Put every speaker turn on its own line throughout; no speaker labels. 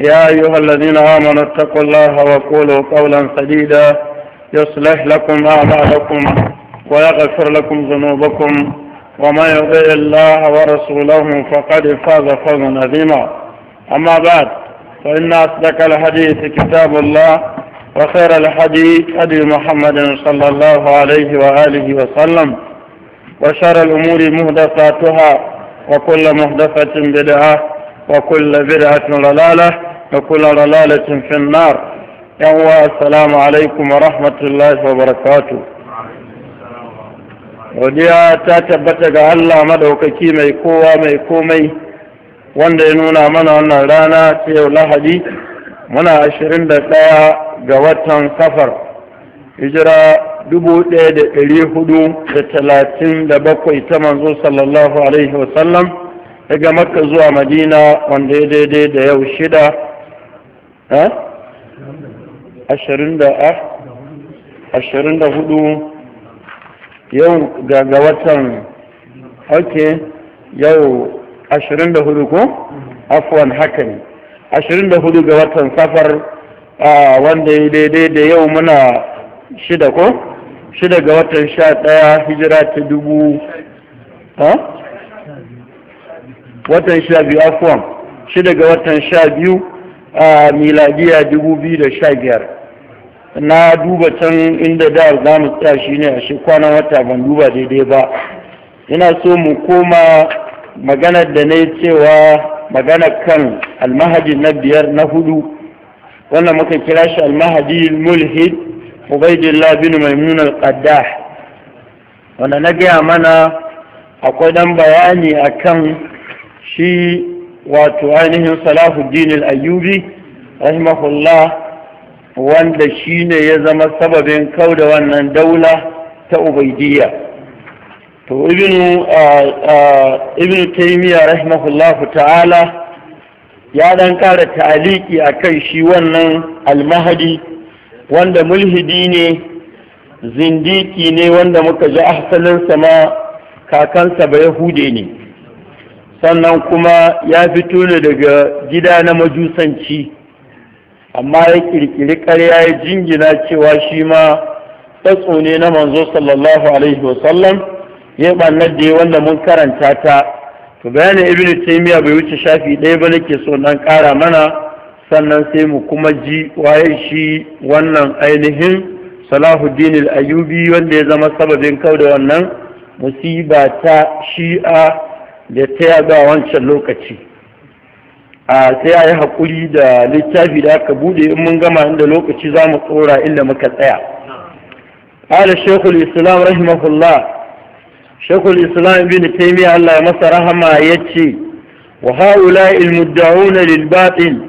يا أيها الذين آمنوا اتقوا الله وقولوا قولا سديدا يصلح لكم أعمالكم ويغفر لكم ذنوبكم وما يطع الله ورسوله فقد فاز فوزا عظيما أما بعد فإن أصدق الحديث كتاب الله وخير الحديث هدي محمد صلى الله عليه وآله وسلم وشر الأمور مهدفاتها وكل مهدفة بدعة وكل بدعة ضلالة وكل ضلالة في النار يوى السلام عليكم ورحمة الله وبركاته godiya ta tabbata ga Allah madaukaki mai kowa mai komai wanda ya nuna mana wannan rana ta yau lahadi muna ashirin da ɗaya ga watan safar hijira dubu ɗaya da ɗari hudu da talatin da bakwai ta manzo sallallahu alaihi wasallam daga makka zuwa madina wanda ya daidai da yau shida ha ashirin da hudu yau ga watan ok yau ashirin da hudu ko afuwan haka ne ashirin da hudu ga watan safar wanda ya daidai da yau muna shida ko shida ga watan sha daya hijira ta dubu ha watan sha biyu afuwan shida ga watan sha biyu a miladiya 2015 na duba can inda da za mu tsaya shi ne a shi wata ban duba daidai ba ina so mu koma maganar da na cewa maganar kan almahadi na biyar na hudu wannan muka kira shi almahadi mulhid ubaidillah bin mai al-qaddah wanda na gaya mana akwai dan bayani akan shi wato ainihin salahuddin al-ayyubi rahimahullah wanda ne ya zama sababin kauda wannan daula ta ubaidiyya to ibnu ibnu taymiya rahimahullah ta'ala ya dan kara ta'aliki kai shi wannan al wanda mulhidi ne zindiki ne wanda muka ji asalinsa ma kakansa ba yahude ne sannan kuma ya fito ne daga gida na majusanci amma ya kirkiri ƙarya ya jingina cewa shi ma tsatso ne na manzo sallallahu alaihi wasallam ya ɓannar da wanda mun karanta ta to bayanin ibn taymiya bai wuce shafi ɗaya ba nake so nan ƙara mana sannan sai mu kuma ji waye shi wannan ainihin salahuddin al-ayubi wanda ya zama sababin kauda wannan musiba ta shi'a da ta a wancan lokaci a sai a yi haƙuri da littafi da aka bude in mun gama inda lokaci za mu tsora inda muka tsaya ala shekul islam rahimahullah shekul islam bin taimi allah ya masa rahama ya ce wa ha'ula ilmudda'una na lilbaɗin?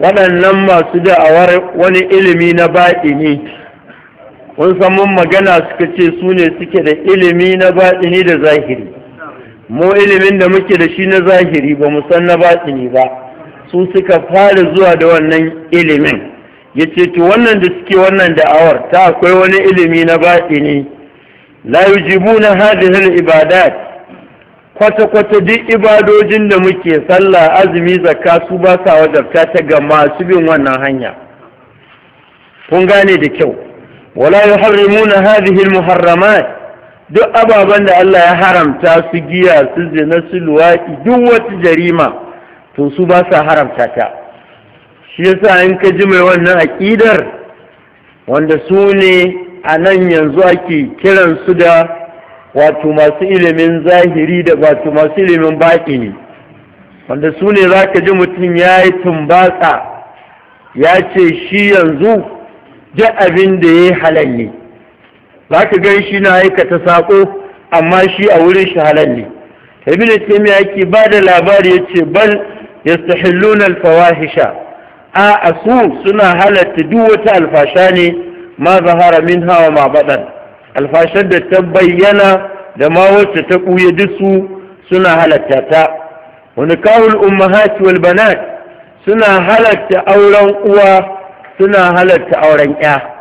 waɗannan masu da'awar wani ilimi na baɗi ne kun san mun magana suka ce su ne suke da ilimi na ne da zahiri mu ilimin da muke da shi na zahiri ba mu san na batini ba su suka fara zuwa da wannan ilimin ya ce to wannan da suke wannan da'awar ta akwai wani ilimi na batini la yujibuna hadhihi al-ibadat kwata kwata duk ibadojin da muke sallah azumi zakka su ba sa wajabta ta ga masu bin wannan hanya kun gane da kyau wala yuharrimuna hadhihi almuharramat muharramat duk ababen da Allah ya haramta su giya su zina su luwaɗi duk wata jarima to su ba sa haramta ta shi yasa in ka ji mai wannan aƙidar wanda su ne a nan yanzu ake kiransu da wato masu ilimin zahiri da wato masu ilimin baƙi ne wanda su ne za ka ji mutum ya yi tumbatsa ya ce shi yanzu ji abin da ya yi za ka gan shi na aikata saƙo amma shi a wurin shi halal ne ibn taymiya yake ba da labari yace bal yastahilluna alfawahisha a su suna halatta duk wata alfasha ne ma zahara minha wa ma baɗan. alfashar da ta bayyana da ma wacce ta ɓuya duk su suna halatta ta wani kawul ummahati wal banat suna halatta auren uwa suna halatta auren 'ya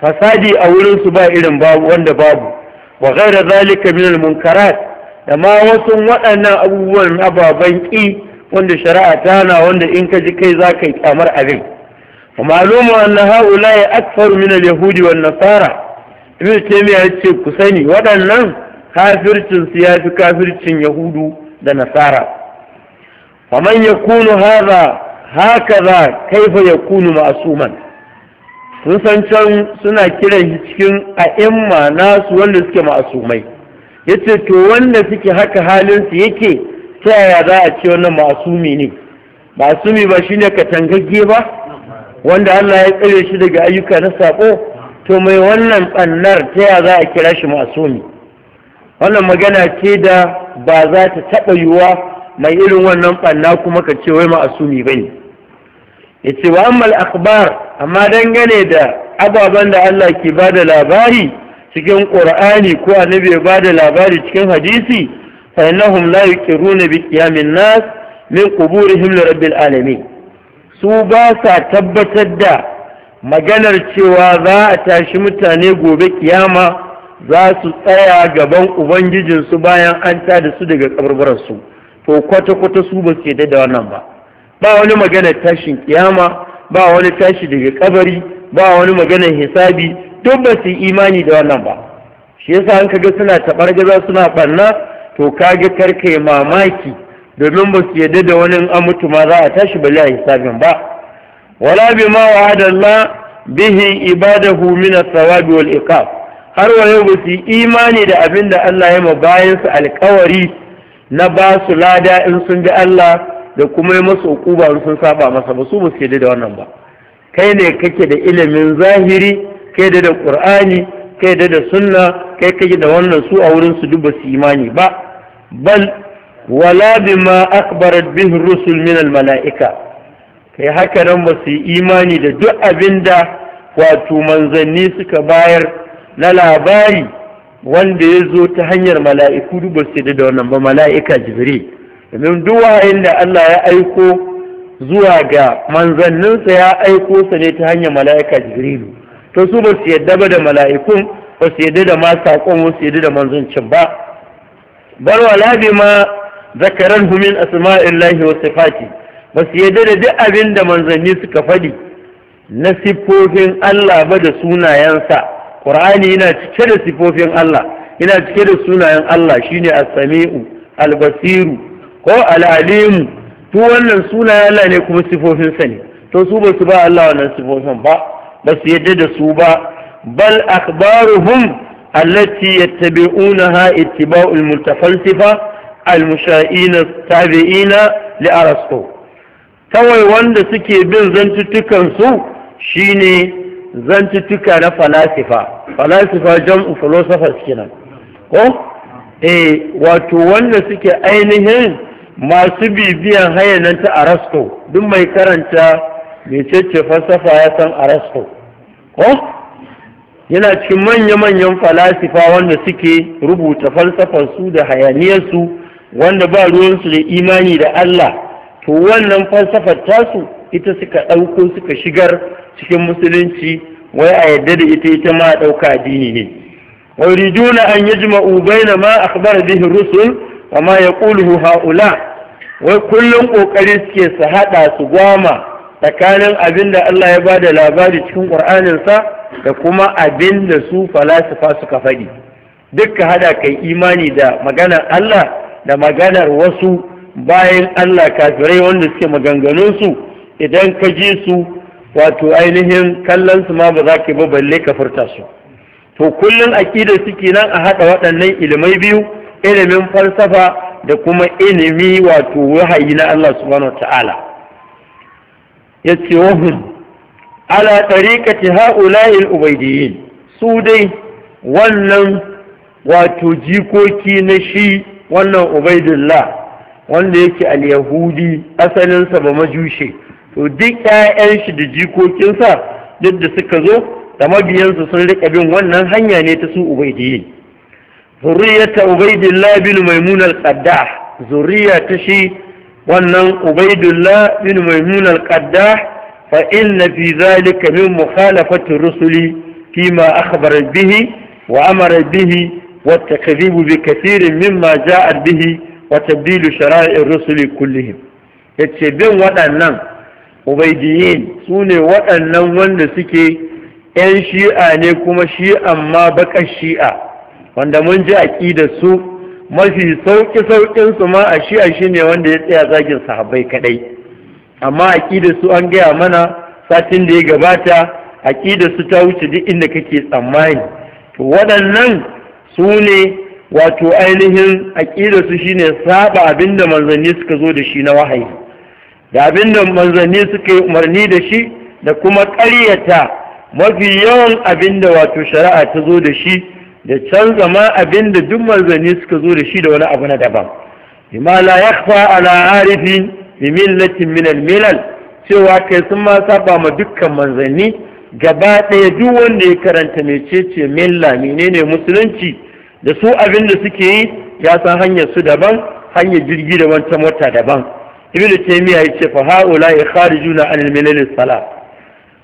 fasadi a wurinsu ba irin babu wanda babu wa ghaira zalika min al-munkarat da ma wasu waɗannan abubuwan ababan ƙi wanda shari'a ta hana wanda in ka ji kai za ka yi kyamar abin ma'lumu anna haula ya akfaru min al-yahudi wan nasara ibn taymiya yace ku sani waɗannan kafircin su yafi kafircin yahudu da nasara man yakunu hadha hakaza kaifa yakunu ma'suman Sun san can suna kiran cikin a'imma nasu wanda suke ma'asumai yace to wanda suke haka halin su yake ta yaya za a ce wannan ma'asumi ne ma'asumi ba shine katangagge ba wanda Allah ya tsare shi daga ayyuka na sako to mai wannan bannar ta yaya za a kira shi ma'asumi wannan magana ce da ba za ta taɓa yiwuwa mai irin wannan banna kuma ka ce wai ma'asumi bane yace wa ammal akhbar amma dangane da ababen da Allah ke ba da labari cikin ƙur'ani ko annabi ya ba da labari cikin hadisi fa innahum la yuqiruna bi qiyamin nas min quburihim li rabbil alamin su ba sa tabbatar da maganar cewa za a tashi mutane gobe ƙiyama za su tsaya gaban ubangijinsu bayan an tada su daga kabarbaransu to kwata-kwata su ba su da wannan ba ba wani maganar tashin ƙiyama. ba wani tashi daga kabari ba wani maganar hisabi duk ba su imani da wannan ba shi yasa an kaga suna tabar suna barna to karka karkai mamaki domin ba su yadda da wani an mutu ma za a tashi bali a hisabin ba wala bi ma wa adalla bihi ibadahu min as-sawabi wal iqab har wa yau ba su imani da abin da Allah ya ma bayan su alkawari na ba su lada in sun bi Allah da kuma yi masu ukuba sun saba masa ba su musu da wannan ba kai ne kake da ilimin zahiri kai da da qur'ani kai da da sunna kai kake da wannan su a wurin su duba su imani ba bal wala bima akbarat bihi rusul min al malaika kai haka nan ba su imani da duk abinda wato manzanni suka bayar na labari wanda ya zo ta hanyar mala'iku duba su da wannan ba mala'ika jibril domin duwayen da Allah ya aiko zuwa ga manzanninsa ya aiko sa ne ta hanyar mala'ika jirilu to su ba su yadda ba da mala'ikun ba su yadda da ma saƙon ba su yadda da manzancin ba barwa labi ma zakaran humin lahi wasu sifati ba su yadda da duk abin da manzanni suka faɗi na siffofin Allah ba da sunayensa ƙur'ani yana cike da siffofin Allah yana cike da sunayen Allah shine as-sami'u al ko al'alimu su wannan suna Allah ne kuma sifofinsa ne to su ba su ba Allah wannan sifofin ba ba su yadda da su ba bal akhbaruhum allati yattabi'unaha ittiba'ul mutafalsifa al-musha'ina tabi'ina li arasto kawai wanda suke bin zantutukan su shine zantutuka na falasifa falasifa jam'u philosophers kenan ko eh wato wanda suke ainihin masu bibiyan hayanan ta arasto duk mai karanta mecece falsafa ya san arasto ko yana cikin manya-manyan falasifa wanda suke rubuta falsafarsu da hayaniyarsu wanda ba ruwansu da imani da Allah to wannan falsafar tasu ita suka ɗauko suka shigar cikin musulunci wai a yadda da ita ita ma ɗauka addini ne wa rijuna an yi jima'u ma akhbar rusul wa ma yaquluhu haula wai kullum kokari suke su hada su gwama tsakanin abin da Allah ya bada labari cikin ƙur'aninsa da kuma abin da su falasifa suka faɗi dukka hada kai imani da maganar Allah da maganar wasu bayan Allah kafirai wanda suke su idan ka ji su wato ainihin kallon su ma ba za ka ba balle ka furta su to kullum aƙidar suke nan a haɗa waɗannan ilimai biyu ilimin falsafa da kuma ilimi wato wahayi na Allah subhanahu wata'ala ya ce wahum ala tariqati ha'ula'il ubaydiyin su dai wannan wato jikoki na shi wannan ubaidillah wanda yake al-yahudi asalinsa ba majushe to duk ƴaƴan shi da jikokinsa duk da suka zo da mabiyansu sun riƙa bin wannan hanya ne ta su ubaidiyin زرية أبيد الله بن ميمون القداح زرية تشي ونن أبيد الله بن ميمون القداح فإن في ذلك من مخالفة الرسل فيما أخبر به وأمر به والتكذيب بكثير مما جاء به وتبديل شرائع الرسل كلهم يتشبين وطنن أبيديين سوني وطنن وندسكي إن شيئا نيكم شيئا ما بك الشيئا wanda mun ji da su mafi sauƙi sauƙin su ma a shi'a ne wanda ya tsaya zagin sahabbai kadai amma da su an gaya mana satin da ya gabata da su ta wuce duk inda kake tsammani to waɗannan su ne wato ainihin da su shine saba abinda manzanni suka zo da shi na wahayi da abinda manzanni suka yi umarni da shi da kuma ƙaryata mafi yawan abinda wato shari'a ta zo da shi da canza ma abin da duk manzanni suka zo da shi da wani abu na daban bima la yakhfa ala arifin bi millatin min al milal cewa kai sun ma saba ma dukkan manzanni gaba ɗaya duk wanda ya karanta mecece milla menene musulunci da su abin da suke yi ya san hanyar su daban hanyar jirgi daban ta mota daban ibn taymiya ya ce fa haula kharijuna al milal salat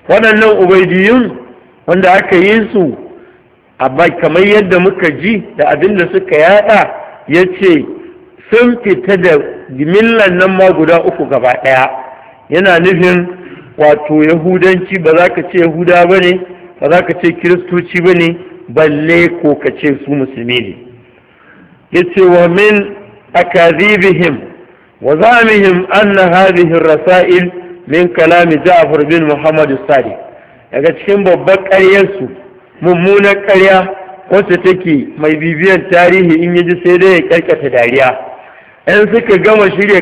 waɗannan ubaidiyun wanda aka yi su amma kamar yadda muka ji da abin da suka yada ya ce sun fita da millan nan ma guda uku gaba ɗaya yana nufin wato yahudanci ba za ka ce yahuda ba ne ba za ka ce kiristoci ba ne balle ko ka ce su musulmi ne ya ce wa min akazibihim wa zamihim anna hadhihi rasa'il min kalami ja'far bin Muhammadu sadiq daga cikin babbar ƙaryarsu mummunar ƙarya wacce take mai bibiyar tarihi in yaji sai dai ya karkata dariya yan suka gama shirya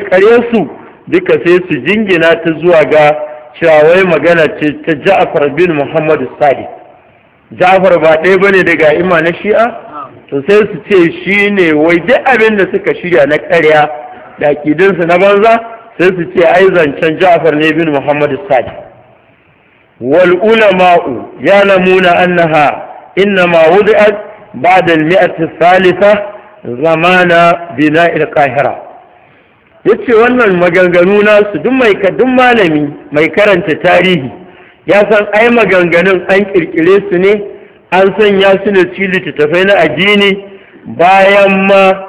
su duka sai su jingina ta zuwa ga shawai magana ce ta ja'afar bin muhammadu Sadi. Ja'afar ba ɗaya ba ne daga ima na shi'a to sai su ce shi ne wai duk abin da suka shirya na ƙarya da ƙidinsu na banza sai su ce ai zancen ja'afar ne bin muhammadu sadi wal ulama'u ya namuna annaha innama ba da al-mi'ati thalitha zamana bina'il yace wannan maganganu su duk mai kadun malami mai karanta tarihi ya san ai maganganun an kirkire su ne an sanya su ne cikin littattafai na addini bayan ma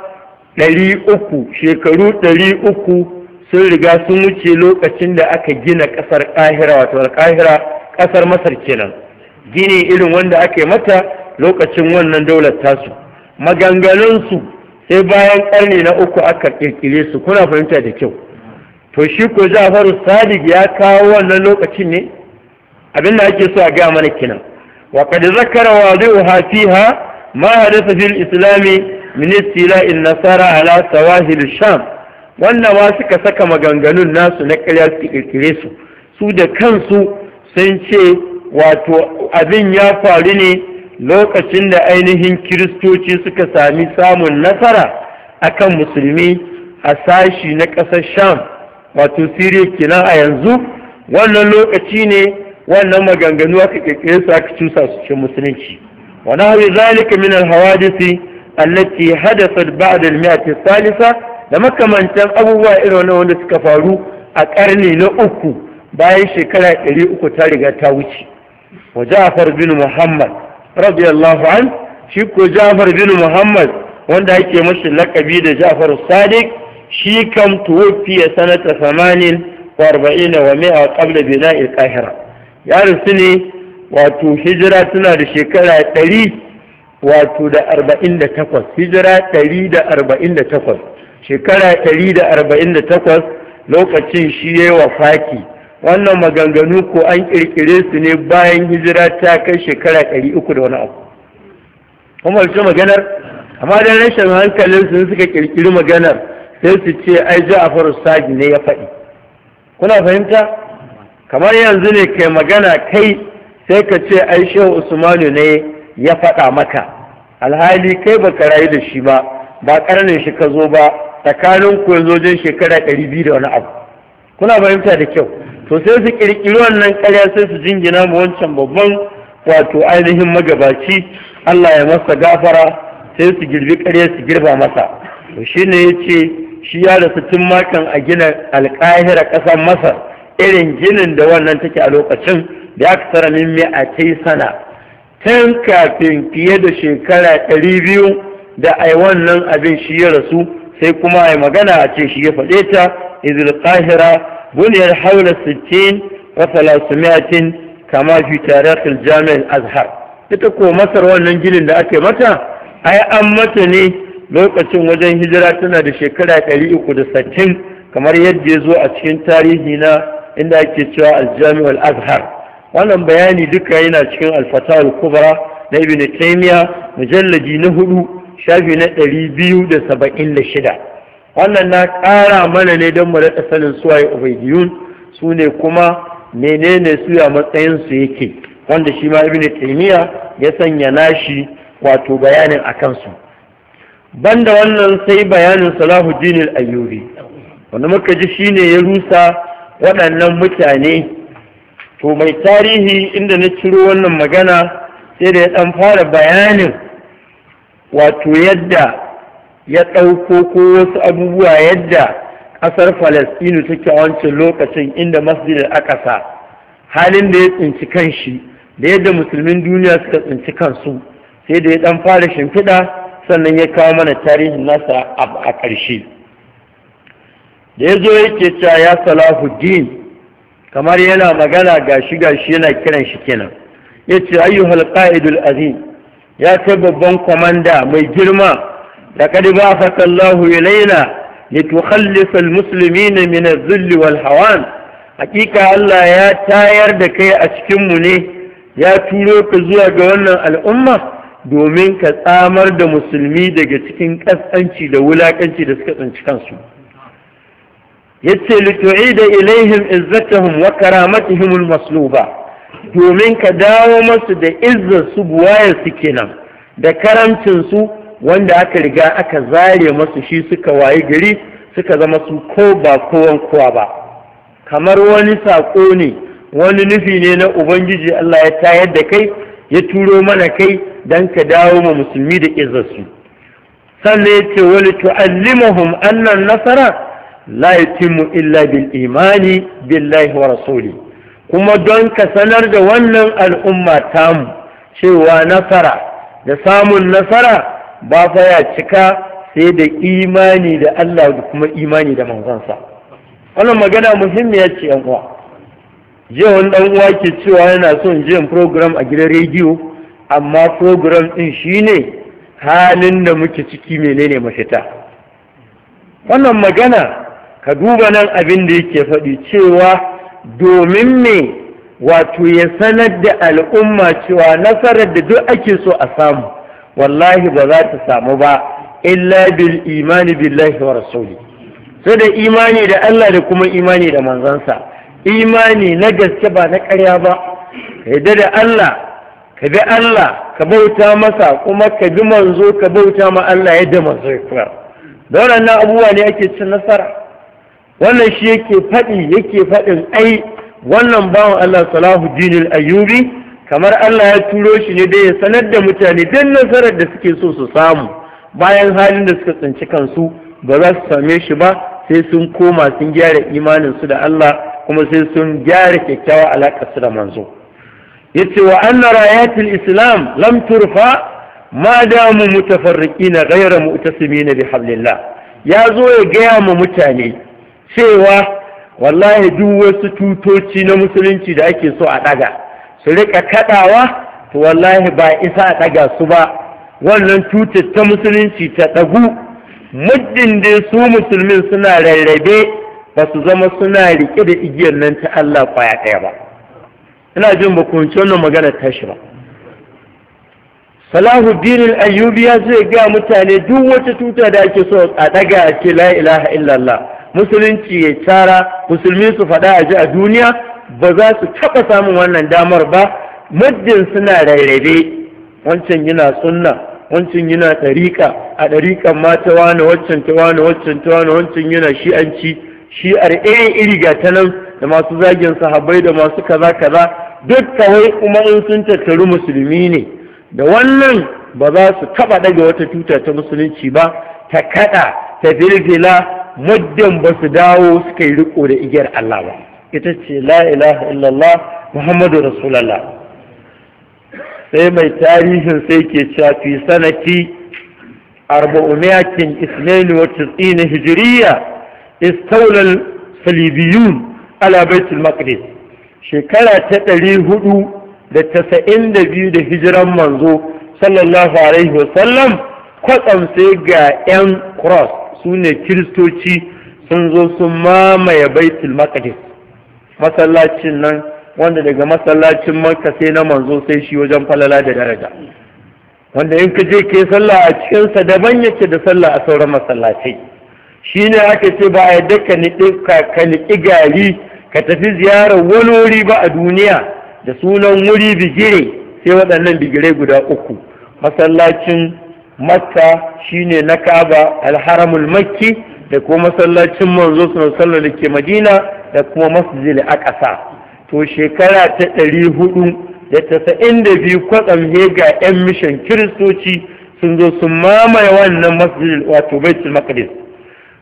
ɗari uku shekaru ɗari uku sun riga sun wuce lokacin da aka gina ƙasar ƙahira wato ƙahira ƙasar masar kenan gini irin wanda ake mata lokacin wannan daular tasu maganganunsu sai bayan ƙarni na uku aka ƙirƙire su kuna fahimta da kyau to shi ko jafaru sadiq ya kawo wannan lokacin ne abin da ake so a ga mana kenan wa qad zakara wadi'uha fiha ma hadatha fil islami min in nasara ala sawahil sham wannan ma suka saka maganganun nasu na ƙarya su ƙirƙire su su da kansu sun ce wato abin ya faru ne lokacin da ainihin kiristoci suka sami samun nasara akan musulmi a sashi na ƙasar sham wato siriya kenan a yanzu wannan lokaci ne wannan maganganu aka ƙirƙire su aka cusa su ce musulunci wani hawi zalika min alhawadisi allati hadasat ba'da almi'ati salisa da makamantan abubuwa irin wanda suka faru a ƙarni na uku bayan shekara 300 ta riga ta wuce wa Ja'far bin Muhammad rabbi radiyallahu an shi ko Ja'far bin Muhammad wanda ake mashi lakabi da Ja'far Sadiq shi kam tuwafiya sanata samanin wa arba'ina wa 100 qabla bina'il Qahira ya rusu ne wato hijira tana da shekara ɗari wato da arba'in da takwas. hijira ɗari da da arba'in takwas. shekara ɗari da da arba'in takwas, lokacin shi ya yi wa faki. wannan maganganu ko an ƙirƙire su ne bayan hijira ta kai shekara ɗari uku da wani abu kuma su maganar amma dan rashin hankalin su suka kirkiri maganar sai su ce ai ja'afar sadi ne ya faɗi kuna fahimta kamar yanzu ne kai magana kai sai ka ce ai shehu usmanu ne ya faɗa maka alhali kai baka rayu da shi ba ba ƙarnin shi ka zo ba tsakanin ku yanzu wajen shekara ɗari biyu da wani abu kuna fahimta da kyau to sai su kirkiri wannan karya sai su jingina mu wancan babban wato ainihin magabaci Allah ya masa gafara sai su girbi karya su girba masa to shine yace shi ya rasu tun makan a gina alƙahira ƙasar Masar irin ginin da wannan take a lokacin da aka tsara min mai a kai sana tun kafin fiye da shekara ɗari biyu da ai wannan abin shi ya rasu sai kuma ai magana a ce shi ya faɗe ta izil qahira buniyar haula sittin wa 300 kama fi tarikh azhar ita ko masar wannan ginin da aka mata ai an mata ne lokacin wajen hijira tana da shekara sittin kamar yadda ya zo a cikin tarihi na inda ake cewa al azhar wannan bayani duka yana cikin al-fatawa na ibn taymiya mujalladi na hudu shafi na ɗari biyu da da saba'in shida. wannan na ƙara mana ne don mu daɗa sanin suwaye ubaidiyun su ne kuma menene suya matsayinsu yake wanda shi ma ibn taymiya ya sanya nashi wato bayanin a kansu banda wannan sai bayanin salahuddin al-ayyubi wanda muka ji shine ya rusa waɗannan mutane to mai tarihi inda na ciro wannan magana sai da ya ɗan fara bayanin wato yadda ya ɗauko ko wasu abubuwa yadda ƙasar falastinu take wancan lokacin inda aka sa, halin da ya tsinci kanshi da yadda musulmin duniya suka tsinci kansu sai da ya ɗan fara shimfiɗa sannan ya kawo mana tarihin nasa a ƙarshe da ya zo yake cewa ya salahuddin kamar yana magana gashi gashi yana kiran shi kenan ya ce ayyuhal qa'idul azim ya kai babban kwamanda mai girma da kadi ba fa kallahu ilaina litukhallis almuslimin min adh walhawan hakika Allah ya tayar da kai a cikinmu ne ya turo ka zuwa ga wannan al'umma domin ka tsamar da musulmi daga cikin kasanci da wulakanci da suka tsanci kansu Ya yace litu'ida ilaihim izzatuhum wa karamatuhum almasluba domin ka dawo masu da izzar su buwayar su kenan da karamcin su wanda aka riga aka zare masu shi suka waye gari suka zama su ko ba kowan kowa ba kamar wani saƙo ne wani nufi ne na ubangiji Allah ya tayar da kai ya turo mana kai don ka dawo ma musulmi da izarsu sannan ya ce wani tu'allimahum annan nasara la yatimu illa bil imani billahi wa rasuli kuma don ka sanar da wannan al'umma tamu cewa nasara da samun nasara ba fa ya cika sai da imani da Allah da kuma imani da manzansa wannan magana muhimmiya ce yan uwa je wani dan uwa ke cewa yana son je program a gidan rediyo amma program din shine halin da muke ciki menene mafita wannan magana ka duba nan abin da yake faɗi cewa domin me wato ya sanar da al'umma cewa nasarar da duk ake so a samu wallahi ba za ta samu ba illa bil imani billahi wa rasuli sai da imani da Allah da kuma imani da manzansa imani na gaske ba na ƙarya ba ka yadda da Allah ka bi Allah ka bauta masa kuma ka bi manzo ka bauta ma Allah yadda manzo ya da waɗannan abubuwa ne ake cin nasara wannan shi yake faɗi yake faɗin ai wannan bawan Allah salahu dinil ayyubi kamar Allah ya turo shi ne dai ya sanar da mutane don nasarar da suke so su samu bayan halin da suka tsinci kansu ba za su same shi ba sai sun koma sun gyara imaninsu da Allah kuma sai sun gyara kyakkyawa su da manzo ya ce wa anna rayatul islam lam turfa ma damu mu ghayra mu'tasimina bi hablillah ya zo ya gaya ma mutane cewa wallahi duk wasu tutoci na musulunci da ake so a ɗaga. su rika kaɗawa to wallahi ba isa a ɗaga su ba wannan tutar ta musulunci ta ɗagu muddin da su musulmin suna rarrabe ba su zama suna riƙe da igiyar nan ta Allah kwaya ɗaya ba ina jin ba kunci wannan magana tashi ba salahuddin ayyubi ya zai ga mutane duk wata tuta da ake so a ɗaga ake ce la ilaha illallah musulunci ya tara musulmi su faɗa a ji a duniya ba za su taɓa samun wannan damar ba muddin suna rarrabe wancan yana sunna wancan yana ɗariƙa a ɗariƙan ma ta wani waccan ta wani waccan ta wani wancan yana shi'anci shi'ar irin iri ga ta nan da masu zagin sahabbai da masu kaza kaza duk kawai kuma in sun tattaru musulmi ne da wannan ba za su taɓa ɗaga wata tuta ta musulunci ba ta kaɗa ta zilzila muddin ba su dawo suka yi riƙo da igiyar Allah ba ita ce la ilaha illallah muhammadu rasulallah sai mai tarihin sai ke cewa fi sanati arba'umiyatin isnaini wa tisini hijiriya istaular salibiyun ala baitul maqdis shekara ta ɗari hudu da tasa'in da biyu da hijiran manzo sallallahu alaihi wasallam kwatsam sai ga 'yan cross su ne kiristoci sun zo sun mamaye baitul maqdis masallacin nan wanda daga masallacin makka sai na manzo sai shi wajen falala da daraja wanda in ka je ke sallah a cikinsa daban yake da sallah a sauran masallacai shi ne aka ce ba a yadda ka niƙi gari ka tafi ziyarar wani ba a duniya da sunan wuri bigire sai waɗannan bigire guda uku masallacin makka shine na kaba alharamul makki da kuma masallacin manzo sallallahu da ke madina da kuma masjid al-aqsa to shekara ta ɗari hudu da tasa'in da biyu kwatsam hega ga 'yan mishan kiristoci sun zo sun mamaye wannan masjid wato baitul maqdis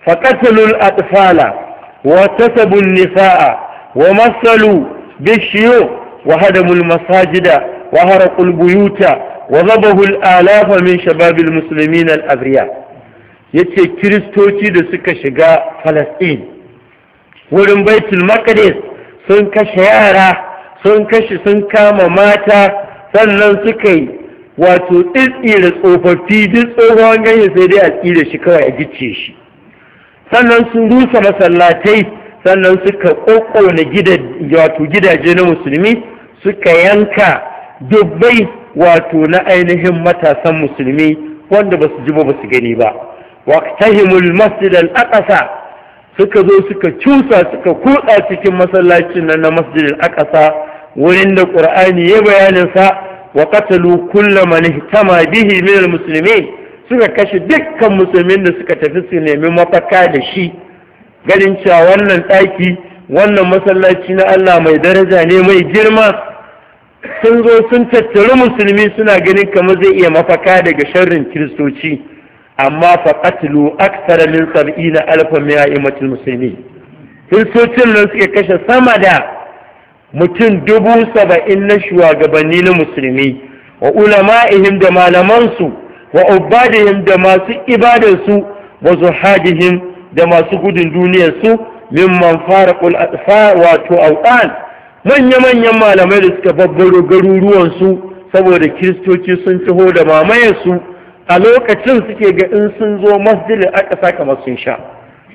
faqatalul atfala wa tasabun nisaa wa masalu bishiyu wa masajida wa haraqul buyuta wa zabahu al alafa min shababil muslimin al ya ce kiristoci da suka shiga falastin wurin baitul maqdis sun kashe yara sun kashe sun kama mata sannan suka yi wato tsitsira tsofaffi duk tsohon ganye sai dai a tsira shi kawai a gice shi sannan sun rusa masallatai sannan suka kokona wato gidaje na musulmi suka yanka dubbai wato na ainihin matasan musulmi wanda ba su ji ba ba su gani ba waqtahimu almasjid al suka zo suka cusa suka kuda cikin masallacin nan na masjid al wurin da qur'ani ya bayanin sa wa qatalu kullu man ihtama bihi min almuslimin suka kashe dukkan musulmin da suka tafi su nemi mafaka da shi ganin cewa wannan daki, wannan masallaci na Allah mai daraja ne mai girma sun zo sun tattaru musulmi suna ganin kamar zai iya mafaka daga sharrin kiristoci amma fa qatlu akthara min sab'ina alfan min a'immatil muslimin filsocin nan suke kashe sama da mutum dubu saba'in na shugabanni na musulmi wa ulama'ihim da malamansu wa ubadihim da masu ibadarsu wa zuhadihim da masu gudun duniyarsu min manfara ƙul'adfa wato auɗan manya-manyan malamai da suka babbaro garuruwansu saboda kiristoci sun ciho da mamayarsu a lokacin suke ga in sun zo masjidin aqsa kamar sun sha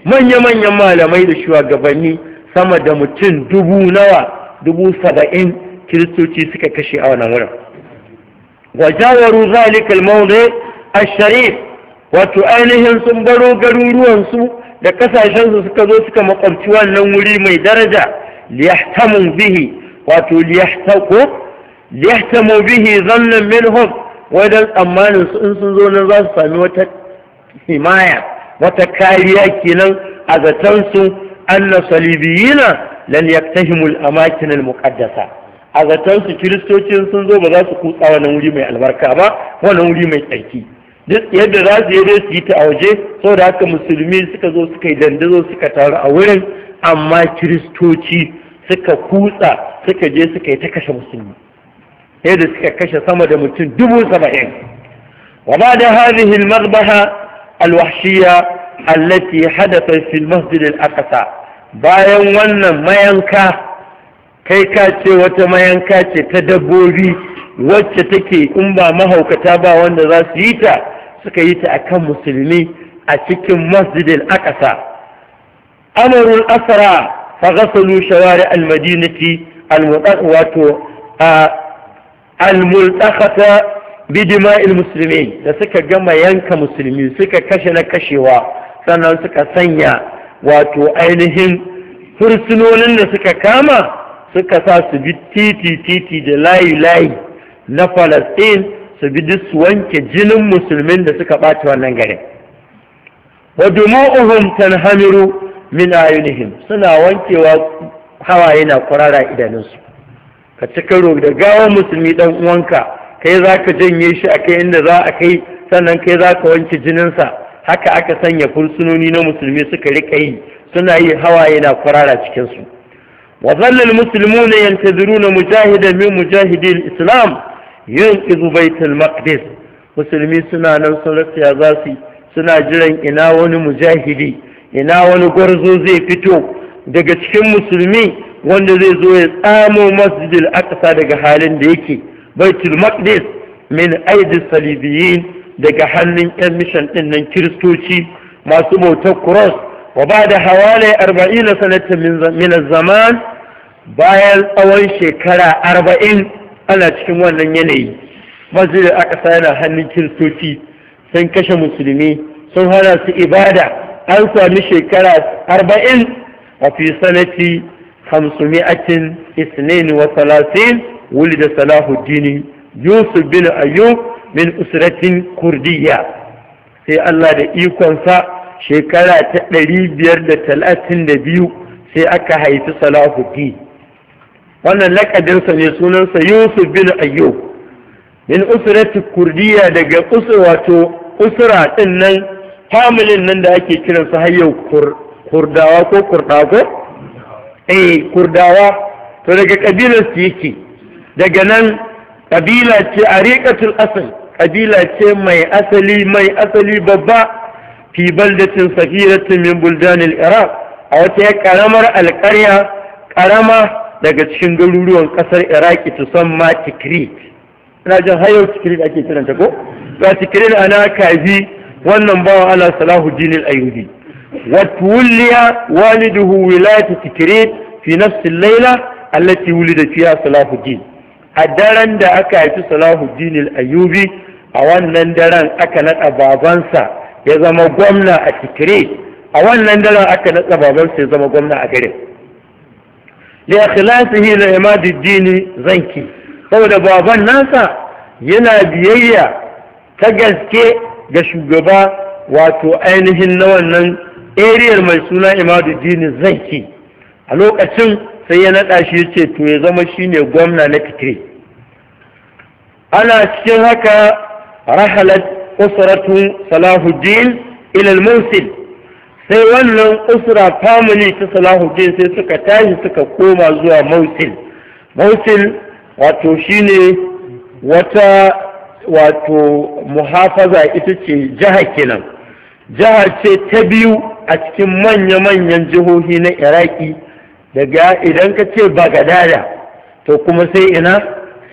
manya-manyan malamai da
shugabanni sama da mutum dubu nawa dubu saba'in kiristoci suka kashe a wannan wurin wajawaru zalikal mawdi ash-sharif wato ainihin sun baro garuruwansu da kasashensu suka zo suka makwabci wannan wuri mai daraja liyahtamu bihi wato liyahtamu bihi zannan minhum wai don tsammanin su in sun zo nan za su sami wata himaya wata kariya kenan a zaton su anna salibiyina lan yaktahimul amakin al-muqaddasa a zaton su kiristocin sun zo ba za su kutsa wannan wuri mai albarka ba wannan wuri mai tsarki duk yadda za su yi su yi ta a waje saboda haka musulmi suka zo suka yi dandazo suka taru a wurin amma kiristoci suka kutsa suka je suka yi ta kashe musulmi sai da suka kashe sama da mutum dubu saba'in wa ba hilmar baha alwashiya madbaha al-wahshiya allati bayan wannan mayanka kai ka ce wata mayanka ce ta dabbobi wacce take in ba mahaukata ba wanda za su yi ta suka yi ta akan musulmi a cikin masjid al-aqsa amarul asra fa ghasalu shawari al-madinati al-mutaqwa to almultakata dima'il musulmi da suka gama yanka musulmi suka kashe na kashewa sannan suka sanya wato ainihin fursunonin da suka kama suka sa su bi titi titi da layi layi na falastin su bi duk su wanke jinin musulmin da suka bata wannan gare wa dumu'uhum tanhamiru min ayunihim suna wankewa hawaye na kurara idanunsu ka ci karo da gawon musulmi dan uwanka kai za ka janye shi a kai inda za a kai sannan kai za ka wanke jininsa haka aka sanya fursunoni na musulmi suka riƙa yi suna yi hawa yana kwarara cikinsu wa zallal muslimuna yantaziruna mujahidan min mujahidin islam yunqizu baitul maqdis musulmi suna nan sun rasa za su suna jiran ina wani mujahidi ina wani gwarzo zai fito daga cikin musulmi wanda zai zo ya tsamo masjidil aqsa daga halin da yake baitul maqdis min aidi salibiyin daga hannun yan mishan din nan kiristoci masu bautar cross wa ba da hawale 40 sanatan min zaman bayan tsawon shekara 40 ana cikin wannan yanayi masjidil aqsa yana hannun kiristoci sun kashe musulmi sun hana su ibada an sami shekara 40 a fi sanati خمسمائة اثنين وثلاثين ولد صلاح الدين يوسف بن أيوب من أسرة كردية Sai Allah da ikonsa shekara ta ɗari biyar da talatin da biyu sai aka haifi salahuddin wannan lakabinsa ne sunansa yusuf bin ayyub min usrati kurdiya daga usra wato usra din nan familin nan da ake kiransa hayyau kurdawa ko kurdako eh kurdawa to daga kabilar su yake daga nan kabila ce a riƙatul asal kabila ce mai asali mai asali babba fi baldatin safiratin min buldanil iraq a wata ya karamar alƙarya karama daga cikin garuruwan ƙasar iraki ma tikrit ina jin hayar tikrit ake kiranta ko ga tikrit ana kaji wannan bawa ala salahu dinil ayyubi وتولي والده ولاية تكريت في نفس الليلة التي ولد فيها صلاح الدين الدرن دا أكا يتو صلاح الدين الأيوبي أولا درن أكا نتا بابانسا يزم قمنا أتكريت أولا درن أكا نتا بابانسا يزم قمنا أكريت لإخلاصه لإماد الدين زنكي saboda baban nasa yana biyayya ta gaske ga shugaba wato ainihin na wannan ariyar mai suna zai zanki a lokacin sai ya naɗa shi ya ce to ya zama shi ne gwamna na fikiri ana cikin haka rahalat usratu salahuddin ilal mursil sai wannan usra family ta salahuddin sai suka tashi suka koma zuwa mursil mursil wato shine wata wato muhafaza ita ce jiha kenan jiha ce ta biyu a cikin manya-manyan jihohi na iraki daga idan ka ce bagadada to kuma sai ina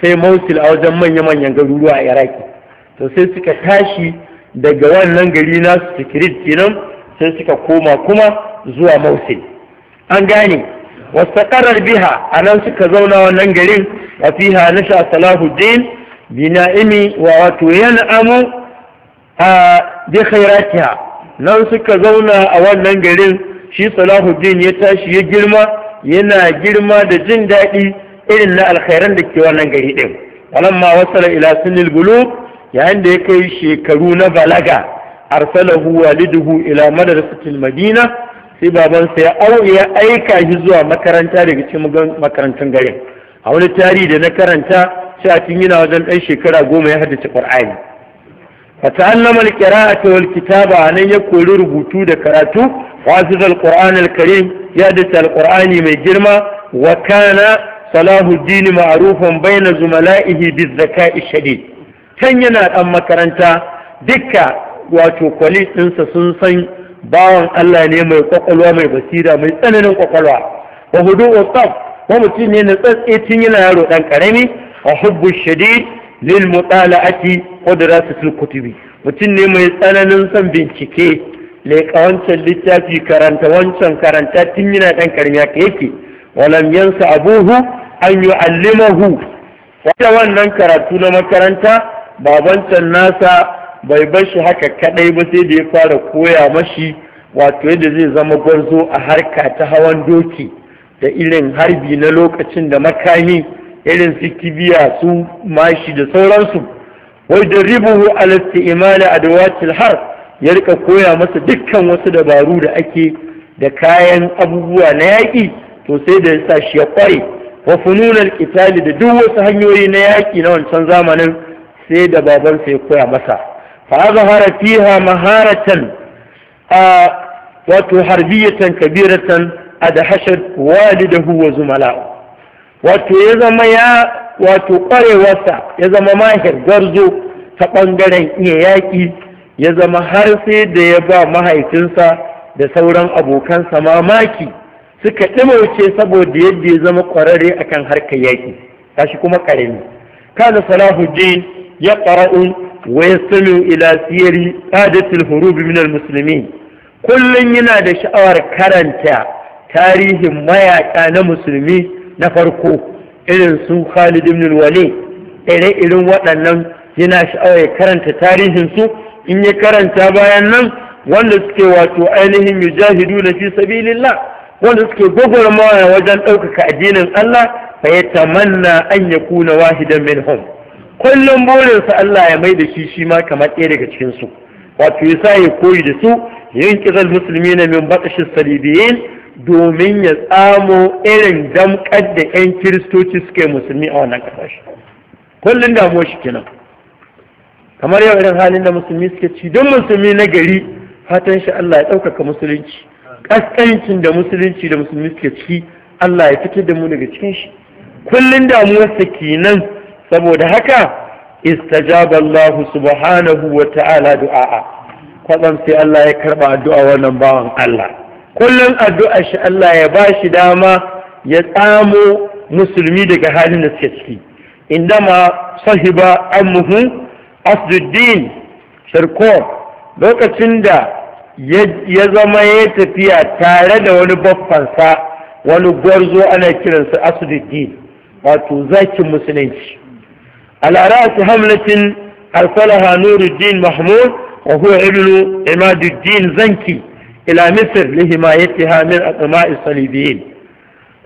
sai mosul a wajen manya-manyan garuruwa a iraki to sai suka tashi daga wannan gari na sikirit kenan sai suka koma kuma zuwa mosul an gane wasu karar biha a nan suka zauna wannan garin a fiha na sha salahuddin bina'imi wa wato yana amu a bi khairatiha nan suka zauna a wannan garin shi salahuddin ya tashi ya girma yana girma da jin daɗi irin na alkhairan da ke wannan gari ɗin walamma wasala ila sinil bulug yayin da ya kai shekaru na balaga arsalahu waliduhu ila madrasatil madina sai babansa ya au ya aika shi zuwa makaranta daga cikin makarantun garin a wani tarihi da na karanta sai a tun yana wajen ɗan shekara goma ya haddace qur'ani فتعلم القراءة والكتابة أن يقول ربوتو دا كراتو وعزف القرآن الكريم يادة القرآن من جرمة وكان صلاح الدين معروفا بين زملائه بالذكاء الشديد تنينا ينا أما كرانتا دكا واتو قليل انسا سنسن باون الله نيما يقوقلوا ما يبسيرا ما يسألنا يقوقلوا وهدوء الطب ومتين ينسس ايتين ينا يارو تنكرمي وحب الشديد lil mutala'ati qudratul kutubi mutum ne mai tsananin son bincike le littafi karanta wancan karanta tun yana ɗan karmiya ka yake walam yansa abuhu an yu'allimahu wata wannan karatu na makaranta babancan nasa bai bar haka kadai ba sai da ya fara koya mashi wato yadda zai zama gwarzo a harka ta hawan doki da irin harbi na lokacin da makami irin su kibiya su mashi da sauransu wai da ribuhu alasta imala adawatil har ya rika koya masa dukkan wasu dabaru da ake da kayan abubuwa na yaƙi to sai da sa shi ya kware wa fununar da duk wasu hanyoyi na yaƙi na wancan zamanin sai da babansa ya koya masa fa zahara fiha maharatan a wato harbiyatan kabiratan adhashat walidahu wa zumala'u wato ya zama ya wato kwarewarsa ya zama mahir garzo ta ɓangaren iya yaƙi ya zama har sai da ya ba mahaifinsa da sauran abokansa mamaki suka ɗimauce saboda yadda ya zama ƙwararre akan harkar yaƙi tashi kuma ƙarami kada salahuddin ya ƙara'un wa ya sami ila siyari ƙadatul hurubi minal musulmi kullum yana da sha'awar karanta tarihin mayaƙa na musulmi na farko irin su Khalid ibn Walid ire-irin waɗannan yana sha'awa ya karanta tarihinsu in ya karanta bayan nan wanda suke wato ainihin mujahidu na fi sabilillah wanda suke gwagwarmaya wajen ɗaukaka addinin Allah fa ya tamanna an ya kuna wahidan minhum kullum su Allah ya mai da shi shi ma kamar ɗaya daga cikinsu wato ya sa ya koyi da su yin kizal musulmi na min baƙashin salibiyin domin ya tsamo irin damkar da 'yan kiristoci suke musulmi a wannan ƙasashe kullum damu shi kenan kamar yau irin halin da musulmi suke ci don musulmi na gari fatan shi Allah ya ɗaukaka musulunci ƙasƙancin da musulunci da musulmi suke ci Allah ya fitar da mu daga cikin shi kullum damuwarsa kenan saboda haka istajaba Allah subhanahu wa ta'ala du'a kwatsam sai Allah ya karba addu'a wannan bawan Allah kullum addu'a shi Allah ya ba shi dama ya tsamo musulmi daga halin da suke ciki ma sahiba ammuhu asduddin sharkov lokacin da ya zama ya tafiya tare da wani baffansa wani gwarzo ana kiransa asduddin wato zakin musulunci al'arati hamlatin alfalaha nuruddin mahmud wa huwa ibnu imaduddin zanki ila misir lihimayatiha min atma'is salibiyin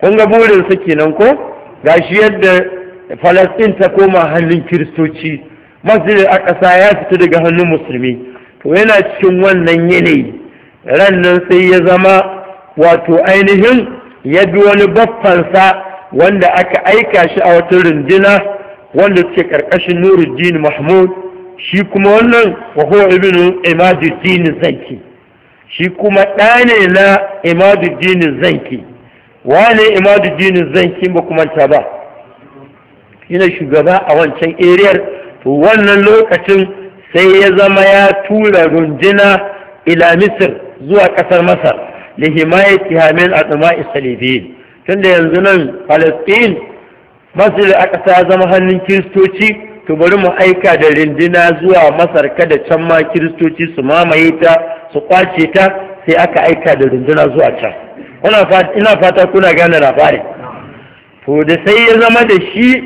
kun ga burin kenan ko shi yadda Falastin ta koma hannun kiristoci masjid al ƙasa ya fita daga hannun musulmi to yana cikin wannan yanayi ran nan sai ya zama wato ainihin ya bi wani baffansa wanda aka aika shi a wata runduna wanda suke karkashin Nuruddin Mahmud shi kuma wannan wa huwa ibnu Imaduddin Zaki shi kuma ɗa ne na jinin zanki wane imaduddinin zanki ba kuma ta ba shine shugaba a wancan eriyar to wannan lokacin sai ya zama ya tura rundina ila misir zuwa ƙasar masar da himayar tihamin a tsama tun tunda yanzu nan palestine masu a aka sa zama hannun kiristoci to bari mu aika da rindina zuwa masar kada can ma kiristoci su mamaye ta su kwace ta sai aka aika da rindina zuwa can ina fata kuna gane labari to da sai ya zama da shi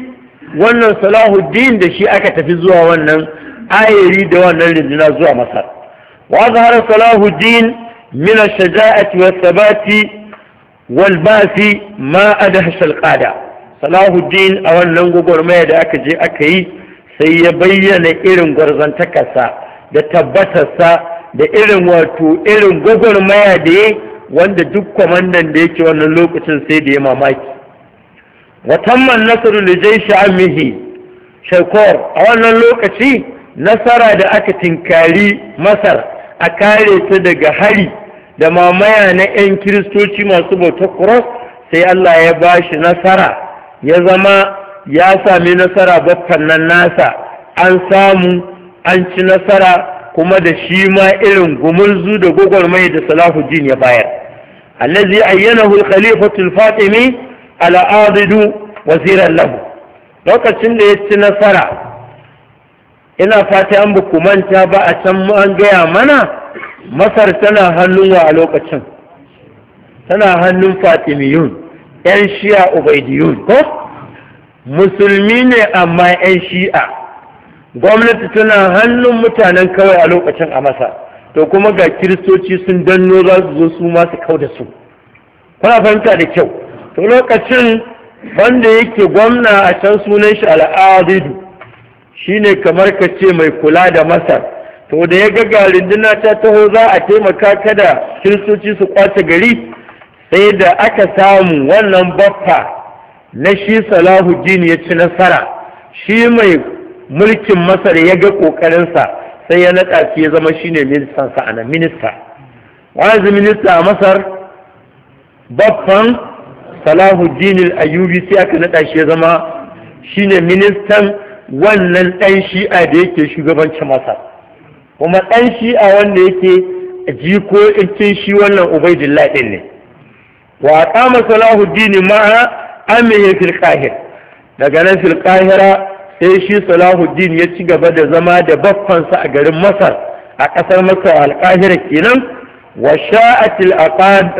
wannan salahuddin da shi aka tafi zuwa wannan ayari da wannan rindina zuwa masar wa zahara salahuddin min ash-shaja'ati was-sabati wal-ba'thi ma adahsha al-qada salahuddin a wannan gwagwarmaya da aka je aka yi sai ya bayyana irin gwarzantakarsa da tabbatarsa da irin wato irin gwagwarmaya da ya wanda duk kwamandan da yake wannan lokacin sai da ya mamaki watamman nasarar da jai sha'amihi shakor a wannan lokaci nasara da aka tinkari masar a kare ta daga hari da mamaya na 'yan kiristoci masu bauta kuros sai allah ya ba shi nasara ya zama ya sami nasara bakkan nan nasa an samu an ci nasara kuma da shi ma irin gumulzu da gwagwarmai da salahuddin ya bayar allazi ayyanahu al-khalifatu al-fatimi ala adidu waziran lahu lokacin da ya ci nasara ina fata an bu manta ba a can mu an gaya mana masar tana hannun wa a lokacin tana hannun fatimiyun yan shiya ubaidiyun ko musulmi ne amma 'yan shi'a gwamnati tana hannun mutanen kawai a lokacin a masa to kuma ga kiristoci sun danno za su zo su masu kau da su kuna fahimta da kyau to lokacin wanda yake gwamna a can sunan shi al'adidu ne kamar ka ce mai kula da masar to da ya ga ga rinduna ta taho za a taimaka kada kiristoci su kwace gari sai da aka samu wannan baffa na shi salahuddin ya ci nasara shi mai mulkin masar ya ga ƙoƙarinsa sai ya naɗa shi ya zama shi ne ministansa a nan minista wani minista a masar babban salahuddin ayubi sai aka naɗa shi ya zama shi ne ministan wannan ɗan shi'a da yake shugabancin masar kuma ɗan shi'a wanda yake jiko ikin shi wannan ubaidullah ɗin ne wa kama salahuddin ma'a amihin filkahir daga nan filkahira sai shi salahuddin ya ci gaba da zama da baffansa a garin masar a ƙasar masar alkahira kenan wa sha'atil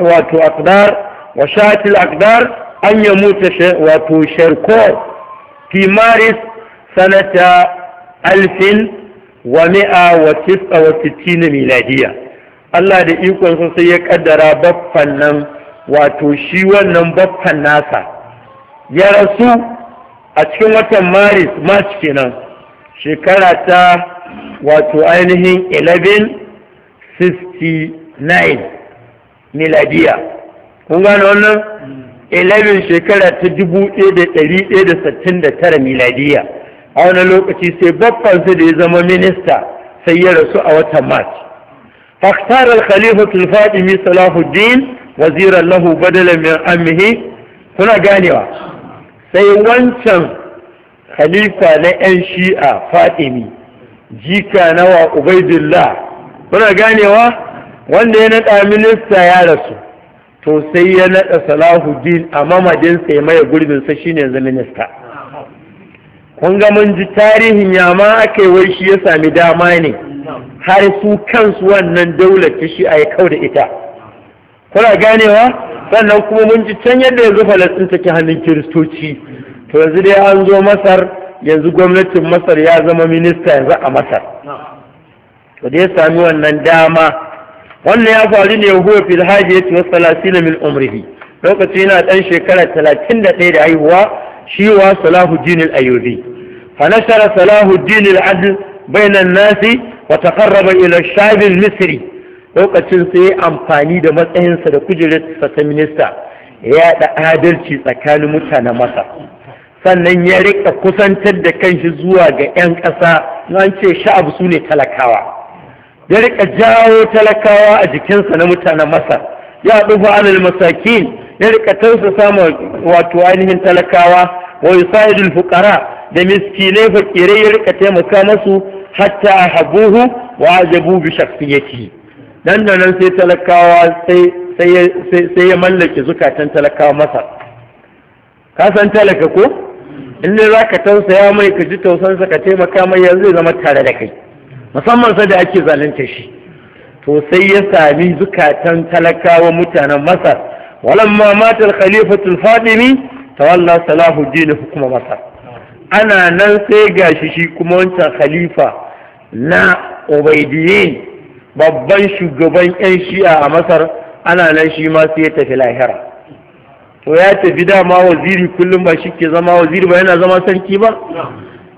wato aqdar wa sha'atil aqdar an ya mutu wato sharkor fi maris sanata alfin wa mi'a wa tis'a wa sittina Allah da ikonsa sai ya kaddara baffan nan wato shi wannan baffan nasa ya rasu a cikin watan maris march kenan shekara ta wato ainihin 1169 miladiya kun gane wannan 11 shekara ta 1169 miladiya a wani lokaci sai babbansa da ya zama minista sai ya rasu a watan march فاختار الخليفة الفاطمي صلاح الدين وزيرا له بدلا من أمه هنا قانوا sai wancan khalifa na 'yan shi'a fatimi jika nawa ubaidillah muna ganewa wanda ya naɗa minista ya rasu to sai ya naɗa salahuddin a mamadinsa ya maye gurbinsa shine yanzu minista kun ga mun ji tarihin yama aka yi wai shi ya sami dama ne har su kansu wannan daular ta shi a ya kau da ita kuna ganewa sannan kuma mun ji can yadda yanzu falastin take hannun kiristoci to yanzu dai an zo masar yanzu gwamnatin masar ya zama minista yanzu a masar to dai sami wannan dama wannan ya faru ne huwa fil hajiyati wa salasin min umrihi lokaci yana dan shekara 31 da haihuwa shi wa salahuddin al-ayyubi fa nashara salahuddin al-adl bainan nasi wa taqarraba ila ash-sha'b misri lokacin sai ya amfani da matsayinsa da kujerar ta minista ya yaɗa adalci tsakanin mutanen masa sannan ya rika kusantar da kanshi zuwa ga 'yan ƙasa an ce sha'abu su ne talakawa ya rika jawo talakawa a jikinsa na mutanen masar ya ɗufa alal masakin ya rika tausa sama wato ainihin talakawa wa yusaidul fuqara da miskinai fakirai ya rika taimaka masu hatta habuhu wa ajabu bi shakhsiyatihi dan da nan sai talakawa sai ya mallake zukatan talakawa masar ka san talaka ko in ne za ka tausaya mai ka ji tausansa ka taimaka mai yanzu zai zama tare da kai musamman sai da ake zalunta shi to sai ya sami zukatan talakawa mutanen masar walamma matar khalifatul fadimi tawalla salahuddin hukuma masar ana nan sai gashi shi kuma wancan khalifa na ubaidiyin babban shugaban 'yan shi'a a masar ana nan shi ma sai ya tafi lahira to ya tafi dama waziri kullum ba shi ke zama waziri ba yana zama sarki ba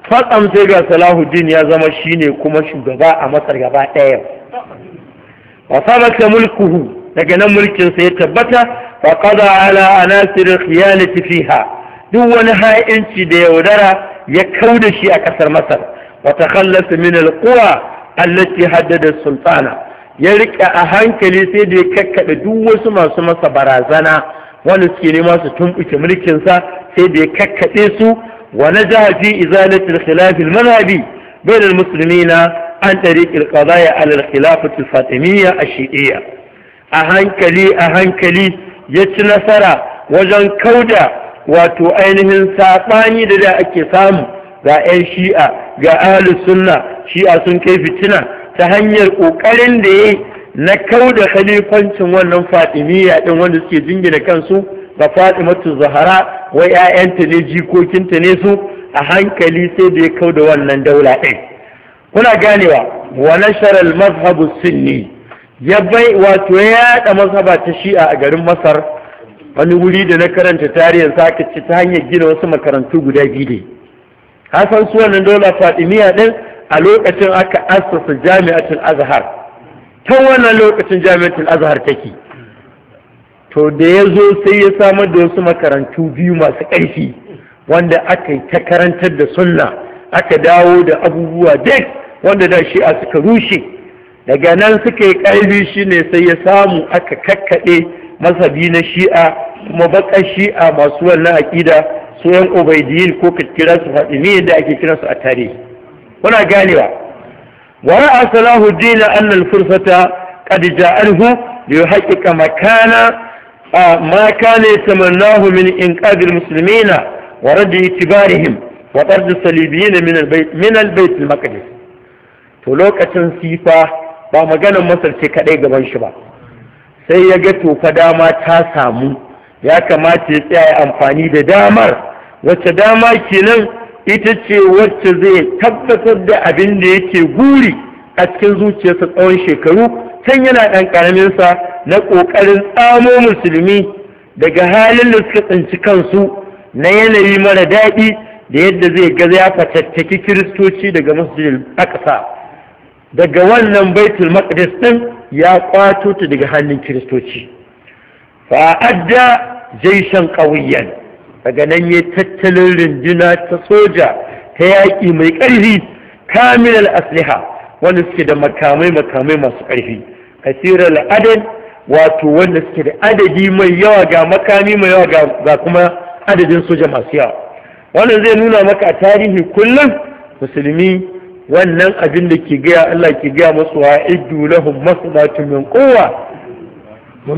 fatsam sai ga salahuddin ya zama shine kuma shugaba a masar gaba ɗaya wasalaka mulkuhu daga nan mulkin mulkinsa ya tabbata wa qada ala anasir khiyanati fiha duk wani ha'inci da yaudara ya kauda shi a kasar masar wa takhallasa min alquwa allati haddada sultana ya riƙe a hankali sai da ya kakkaɓe duk wasu masu masa barazana wanda suke nema su tumɓuke mulkinsa sai da ya kakkaɓe su wa na jahafi izalatul khilafil manhabi bayan al-muslimina an tariqil qadaya ala al-khilafati fatimiyya ash-shi'iyya a hankali a hankali ya ci nasara wajen kauda wato ainihin saɓani da da ake samu ga 'yan shi'a ga ahalus sunna shi'a sun kai fitina ta hanyar ƙoƙarin da ya na kau da khalifancin wannan fatimiyya ɗin wanda suke jingina kansu ga fatimatu zahara wa 'ya'yanta ne jikokinta ne su a hankali sai da ya kau da wannan daula ɗin kuna ganewa wa nashar al-mazhabu sunni ya bai wato ya yaɗa mazhaba ta shi'a a garin masar wani wuri da na karanta tarihin sa ta hanyar gina wasu makarantu guda biyu ne kasan su wannan faɗi miya din a lokacin aka asasa jami'atul azhar ta wannan lokacin jami'atul azhar take to da ya zo sai ya samar da wasu makarantu biyu masu ƙarfi wanda aka ta karantar da sunna aka dawo da abubuwa duk wanda da shi a suka rushe daga nan suka yi ƙarfi shi ne sai ya samu aka kakkaɗe masabi na shi'a kuma baƙar shi'a masu wannan aƙida su yan ubaidiyin ko ka kira su fatimi yadda ake kira su a tarihi kuna ganewa wa ra'a salahuddin anna al-fursata qad ja'alhu li yuhaqqiqa makana ma kana yatamannahu min inqadhi al-muslimina wa radd itibarihim wa tard as-salibiyyin min al-bayt min al-bayt al-maqdis to lokacin sifa ba maganar masar ce kadai gaban shi ba sai ya ga to fa dama ta samu ya kamata ya tsaya amfani da damar wacce dama kenan ita ce wacce zai tabbatar da abin da yake guri a cikin zuciyarsa tsawon shekaru can yana ɗan ƙaraminsa na ƙoƙarin tsamo musulmi daga halin da suka tsinci kansu na yanayi mara daɗi da yadda zai gaza ya fatattaki kiristoci daga masjidil aqsa daga wannan baitul maqdis ɗin ya ƙwato ta daga hannun kiristoci fa'adda jaishen ƙauyen daga nan ya tattalin rinjina ta soja ta yaki mai ƙarfi kaminal asliha wanda suke da makamai makamai masu ƙarfi kasirar adad wato wanda suke da adadi mai yawa ga makami mai yawa ga kuma adadin soja masu yawa wannan zai nuna maka a tarihi kullum musulmi wannan abin da ke gaya Allah ke gaya masu wa'idu lahum masdatu min quwwa na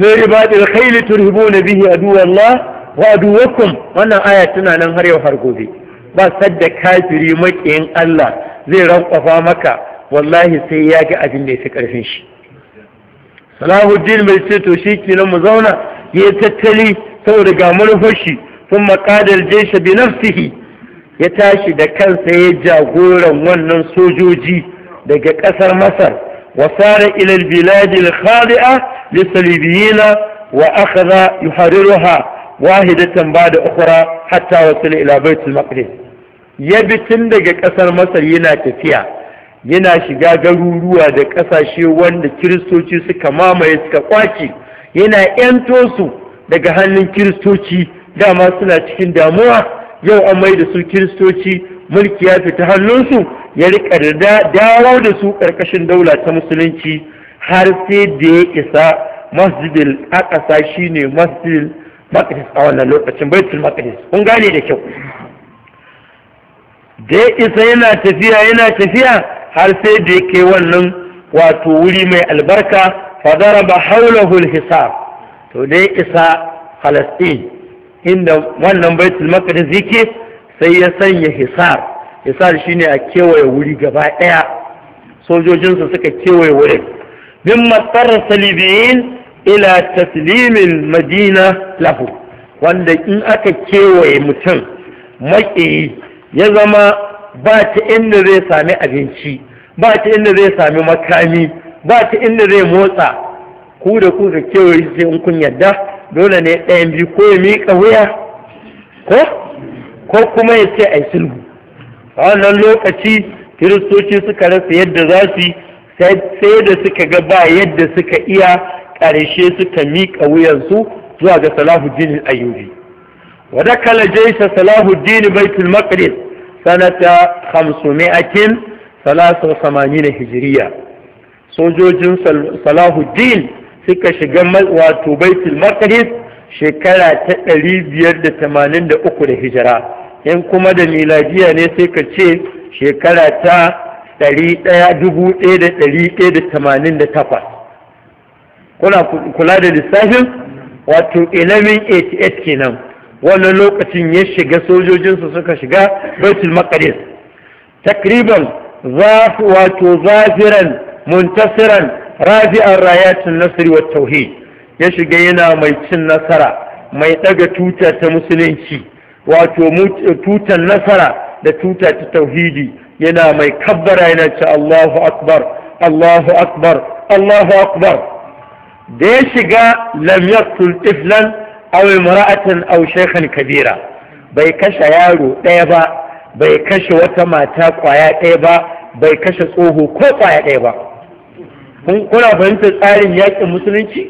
bihi a duwar به wa a وعدوكم wannan aya tana nan har yau har gobe ba sadda kafiri makiyin Allah zai rankwafa maka wallahi sai ya ga abin da ya fi karfin shi Salahuddin mai ce to shi kenan mu zauna ya tattali saboda ga manufar shi sun maƙadar jesha bi nafsihi ya tashi da kansa ya jagoran wannan sojoji daga ƙasar Masar وسار إلى البلاد الخاضعة للصليبيين وأخذ يحررها واحدة بعد أخرى حتى وصل إلى بيت المقدس tun daga ƙasar Masar yana tafiya yana shiga garuruwa da ƙasashe wanda kiristoci suka mamaye suka ƙwace, yana ‘yanto su daga hannun kiristoci dama suna cikin damuwa yau an mai da su kiristoci mulki ya fita hannunsu ya riƙa da dawo da su ƙarƙashin daula ta musulunci har sai da ya isa masjidil aƙasa shi ne masjidil makadis a wannan lokacin baitul makadis kun gane da kyau da ya isa yana tafiya yana tafiya har sai da ya kai wannan wato wuri mai albarka fadara ba haulahul hisab to da ya isa falastin inda wannan baitul makadis yake sai ya sanya hisar hisar shine a kewaye wuri gaba ɗaya sojojinsa suka kewaye wurin min matsarar salibiyin ila taslimin madina lahu wanda in aka kewaye mutum maƙiyi ya zama ba ta inda zai sami abinci ba ta inda zai sami makami ba ta inda zai motsa ku da ku ka kewaye sai in kun yadda dole ne ɗayan biyu ko ya miƙa wuya ko ko kuma ya ce a yi sulhu a wannan lokaci kiristoci suka rasa yadda za su sai da suka ga ba yadda suka iya ƙarshe suka miƙa wuyansu zuwa ga salahuddin ayyubi wadda kala jaisa salahuddin baitul maqdis sanata 500 salasa 80 hijiriya sojojin salahuddin suka shiga wato baitul maqdis shekara ta 583 da hijira in kuma da miladiya ne sai ka ce shekara ta takwas. kuna kula da lissafin wato 1188 kenan wannan lokacin ya shiga sojojinsu suka shiga baitul maqdis takriban wato zafiran muntasiran rafi'an rayatun nasiri wa tauhid ya shiga yana mai cin nasara mai ɗaga tuta ta musulunci wato tutar nasara da tuta ta tauhidi yana mai kabbara yana ce Allahu akbar Allahu akbar Allahu akbar da ya shiga lam yaqtul tiflan aw imra'atan aw kabira bai kashe yaro ɗaya ba bai kashe wata mata kwaya ɗaya ba bai kashe tsoho ko kwaya ɗaya ba kuna fahimtar tsarin yakin musulunci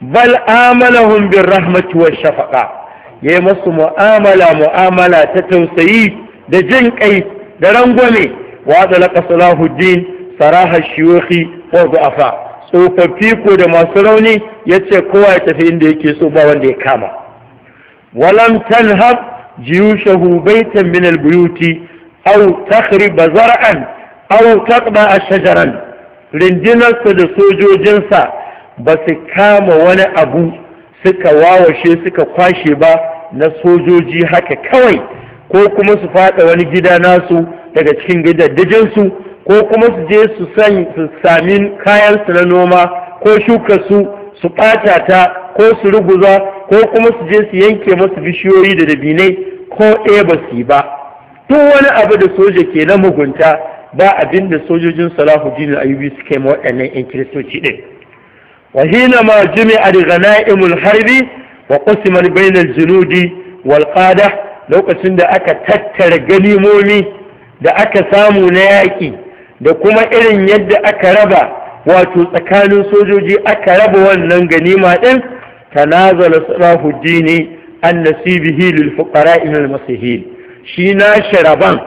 bal amalahum humbin rahmatuwar wash ya yi masu mu'amala mu'amala ta tausayi da jin kai da rangwame wa adalaka salahuddin sarahar shiyohi wa du'afa tsofaffi ko da masu rauni ya ce kowa ya tafi inda yake so ba wanda ya kama walam tanhab jiyushahu baitan min albuyuti aw takhriba zar'an aw taqba shajaran rindinarsa da sojojinsa ba su kama wani abu suka wawashe suka kwashe ba na sojoji haka kawai ko kuma su fada wani gida nasu daga cikin su ko kuma su je su sami kayansu na noma ko shuka su su ɓata ta ko su ruguza ko kuma su je su yanke masu bishiyoyi da dabinai ko ɗaya ba su yi ba duk wani abu da soja ke na mugunta ba abin da sojojin jini ayubi suke ma waɗannan 'yan kiristoci ɗin wa hina ma jumi'a da harbi wa qasima bainal junudi wal lokacin da aka tattara ganimomi da aka samu na yaƙi da kuma irin yadda aka raba wato tsakanin sojoji aka raba wannan ganima ɗin tanazala salahuddini an nasibihi lil fuqara'i al masihin shi na sharaban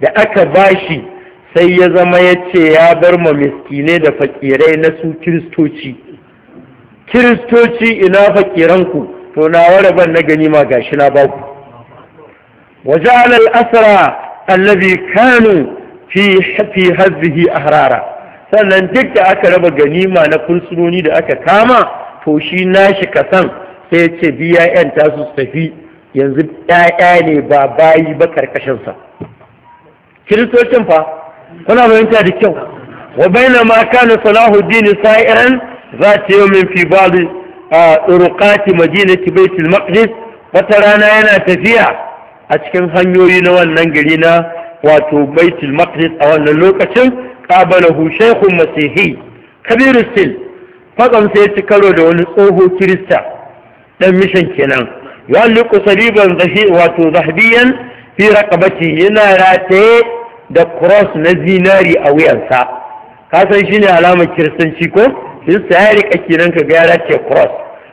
da aka bashi sai ya zama ya ce ya bar ma miskine da fakirai na su kiristoci kiristoci ina fakiranku to na ban na gani ma gashi na baku waje alal asara kanu fi fi hazihi ahrara sannan duk da aka raba ganima na fursunoni da aka kama to shi nashi kasan sai ya ce biya yan tasu su tafi yanzu ɗaya ne ba bayi ba karkashinsa kiristocin fa kuna fahimta da kyau wa baina ma kana salahuddin sa'iran za ta yi min fi bali a tsurukati madinati baitul maqdis wata rana yana tafiya a cikin hanyoyi na wannan gari na wato baitul maqdis a wannan lokacin qabalahu shaykhun masihi kabiru sil fakam sai ci karo da wani tsoho kirista dan mishan kenan yalliqu saliban zahi wato zahbiyan fi raqabati yana rataye da cross na zinari a wuyansa ka san shine alamar kiristanci ko sun ya rika kenan ka gaya ce cross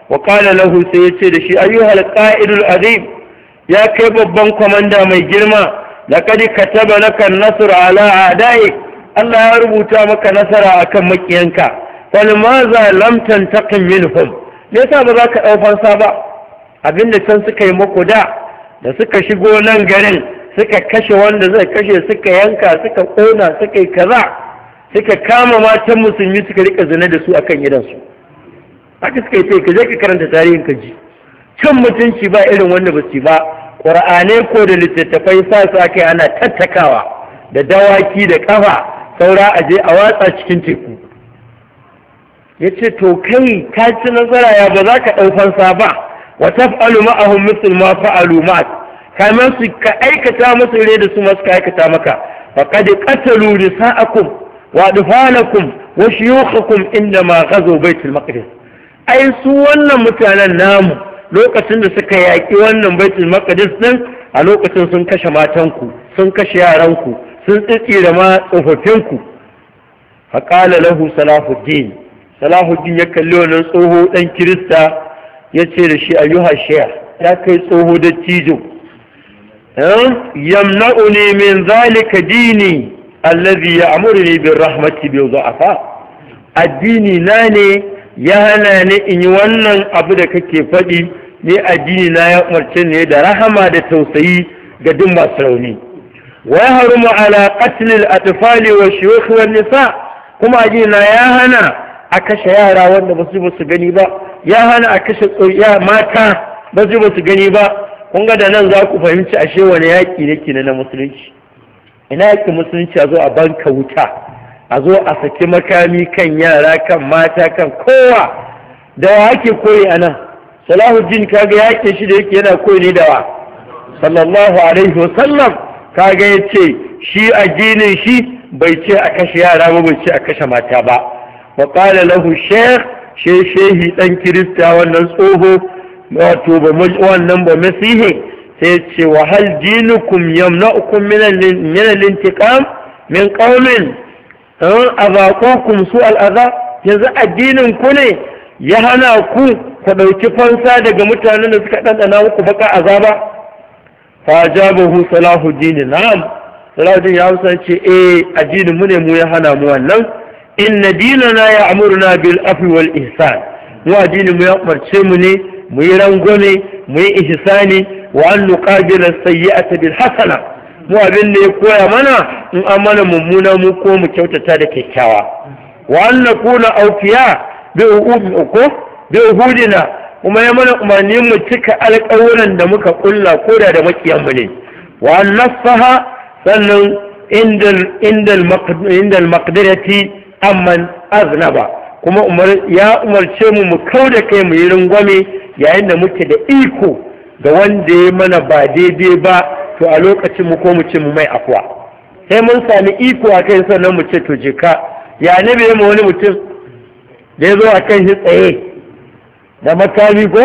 wa kana lahu sai yace da shi ayyuhal qa'idul azim ya kai babban komanda mai girma laqad kataba laka an-nasr ala a'da'i Allah ya rubuta maka nasara akan makiyanka falmaza lam tantaqim minhum me yasa ba za ka dau fansa ba abinda can suka yi muku da da suka shigo nan garin suka kashe wanda zai kashe suka yanka suka kona suka yi kaza suka kama matan musulmi suka rika zina da su akan gidansu haka suka yi ka je ka karanta tarihin kaji. ji cin mutunci ba irin wanda ba su ba ƙur'anai ko da littattafai sa su aka yi ana tattakawa da dawaki da kafa saura a je a watsa cikin teku ya ce to kai ka ci nasara ya ba za ka ɗau fansa ba wa taf'alu ma'ahum misl musulma fa'alu ma'a kamar su ka aikata musu rai da su masu aikata maka faqad qatalu risa'akum wa dufanakum wa shuyukhakum inda ma ghazu baitul maqdis ai su wannan mutanen namu lokacin da suka yaki wannan baitul maqdis din a lokacin sun kashe matanku sun kashe yaranku sun tsitsira ma tsofaffinku faqala lahu salahuddin salahuddin ya kalli wannan tsoho dan kirista ya ce da shi ayyuha shayh ya kai tsoho dattijo Eh? yamna'uni min zalika dini allazi ya'muruni bir rahmati bi dha'afa addini na ne ya hana ni in yi wannan abu da kake faɗi ne addini na ya umarce ne da rahama da tausayi ga duk masu rauni wa mu ala qatl al atfal wa shuyukh wa nisa kuma addini na ya hana a kashe yara wanda ba su ba su gani ba ya hana a kashe mata ba su ba su gani ba Kunga da nan za ku fahimci ashe wani yaƙi ne ke na musulunci ina yaƙi musulunci a zo a banka wuta a zo a saki makami kan yara kan mata kan kowa da wa ake koyi a nan salahuddin kaga yaƙin shi da yake yana koyi ne da wa sallallahu alaihi wa ka kaga ya ce shi a addinin shi bai ce a kashe yara ba bai ce a kashe mata ba wa ƙala lahu shaykh shehi dan kirista wannan tsoho wato ba wannan ba masihi sai ce wa hal dinukum yamna'ukum min al-intiqam min qaumin an eh, azaqukum su al-adha yanzu addinin ku ne ya hana ku ku dauki fansa daga mutanen da suka dandana muku baka azaba fa jabahu dinin na'am salahuddin ya hausa ce eh addinin mu ne mu ya hana mu wannan inna dinana ya'muruna bil afwi wal ihsan mu addinin mu ya umarce mu ne mu yi rangwame mu yi ihsani wa an nuqabila sayyi'ata bil hasana mu abin da ya koya mana in an mana mummuna mu ko mu kyautata da kyakkyawa wa an nakuna awfiya bi uqubi bi uhudina kuma ya mana umarni mu cika alƙawuran da muka kulla koda da makiyan mu ne wa an nasaha sannan indal indal maqdirati amman aznaba kuma ya umarce mu mu kau da kai mu yi rungwame yayin da muke da iko ga wanda ya mana ba daidai ba to a lokacin mu ko mu ce mu mai afuwa sai mun sami iko a kai sannan mu ce to jika ya nabe mu wani mutum da ya zo a kan shi tsaye da makami ko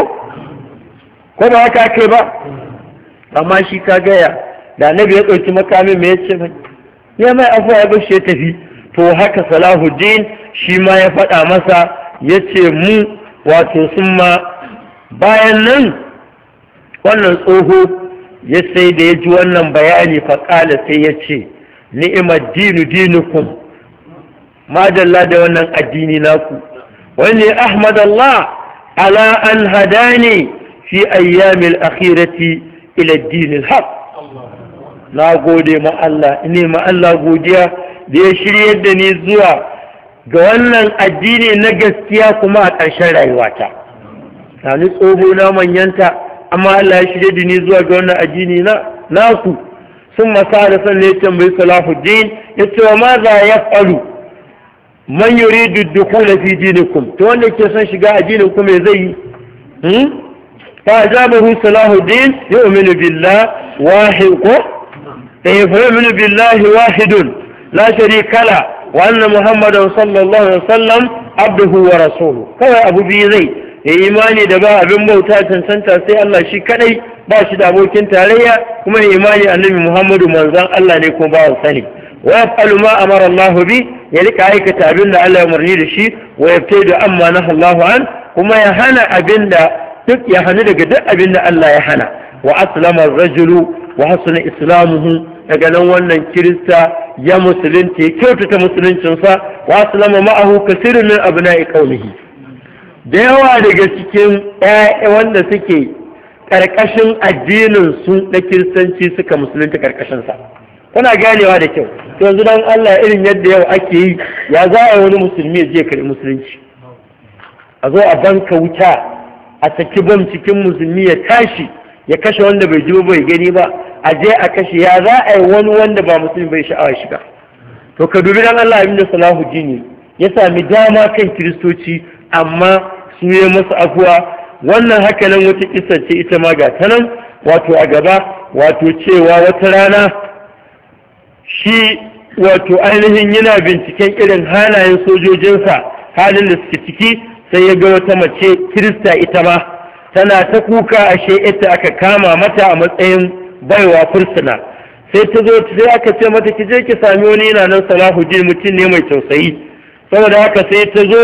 ko ba haka kai ba amma shi ka gaya da nabi ya ɗauki makami me ya ce mai ya mai afuwa ya bashi ya tafi to haka salahuddin shi ma ya faɗa masa ya ce mu wato sun ma bayan nan wannan tsoho ya sai da ya ji wannan bayani faƙala sai ya ce ni'imar dinu dinukum madalla da wannan addini naku wani ahmad Allah ala an hadani fi ayyamil akhirati ila dinil haq na gode ma Allah ne ma Allah godiya da ya shirya da ni zuwa ga wannan addini na gaskiya kuma a ƙarshen rayuwata na ni tsoho na manyanta amma Allah ya shirya dini zuwa ga wannan addini na nasu sun masa da san ne tambayi salahuddin ya ce wa ma za ya faru man yuri dudduku na fi dinikum ta wanda ke son shiga addinin ku me zai yi hmm? fa ajabahu ya umini billah wahid ko eh, fa yu'minu billahi wahidun la shari kala وأن Muhammadu صلى الله عليه وسلم عبده ورسوله كما أبو بيزي imani da ba abin bauta cancanta sai Allah shi kaɗai ba shi da abokin tarayya kuma imani annabi Muhammadu manzon Allah ne kuma ba sani wa yaf'alu ma amara Allah bi ya rika aikata abin da Allah ya umarni da shi wa yabtadi amma naha Allah an kuma ya hana abin ya hana daga duk abin da Allah ya hana wa aslama ar-rajulu wa hasuna islamuhu daga nan wannan kirista ya musulunci ya kyautata musuluncinsa wa asalama ma'ahu kasirun min abna'i qaumihi da yawa daga cikin ɗaya wanda suke ƙarƙashin addinin su na kiristanci suka musulunci ƙarƙashinsa kuna ganewa da kyau yanzu dan Allah irin yadda yau ake yi ya za a wani musulmi ya je karɓi musulunci a zo a banka wuta a saki bam cikin musulmi ya tashi ya kashe wanda bai ji bai gani ba a je a kashe ya za a yi wani wanda ba musulmi bai sha'awa shiga to ka dubi dan Allah da salahu dini ya sami dama kan kiristoci amma su yi masu afuwa wannan haka nan wata kisa ce ita ma ga ta nan wato a gaba wato cewa wata rana shi wato ainihin yana binciken irin halayen sojojinsa halin da suke ciki sai ya ga wata mace kirista ita ma tana ta kuka ashe ita aka kama mata a matsayin baiwa fursuna sai ta zo sai aka ce mata ki je ki sami wani yana nan salahuddin mutum ne mai tausayi saboda haka sai ta zo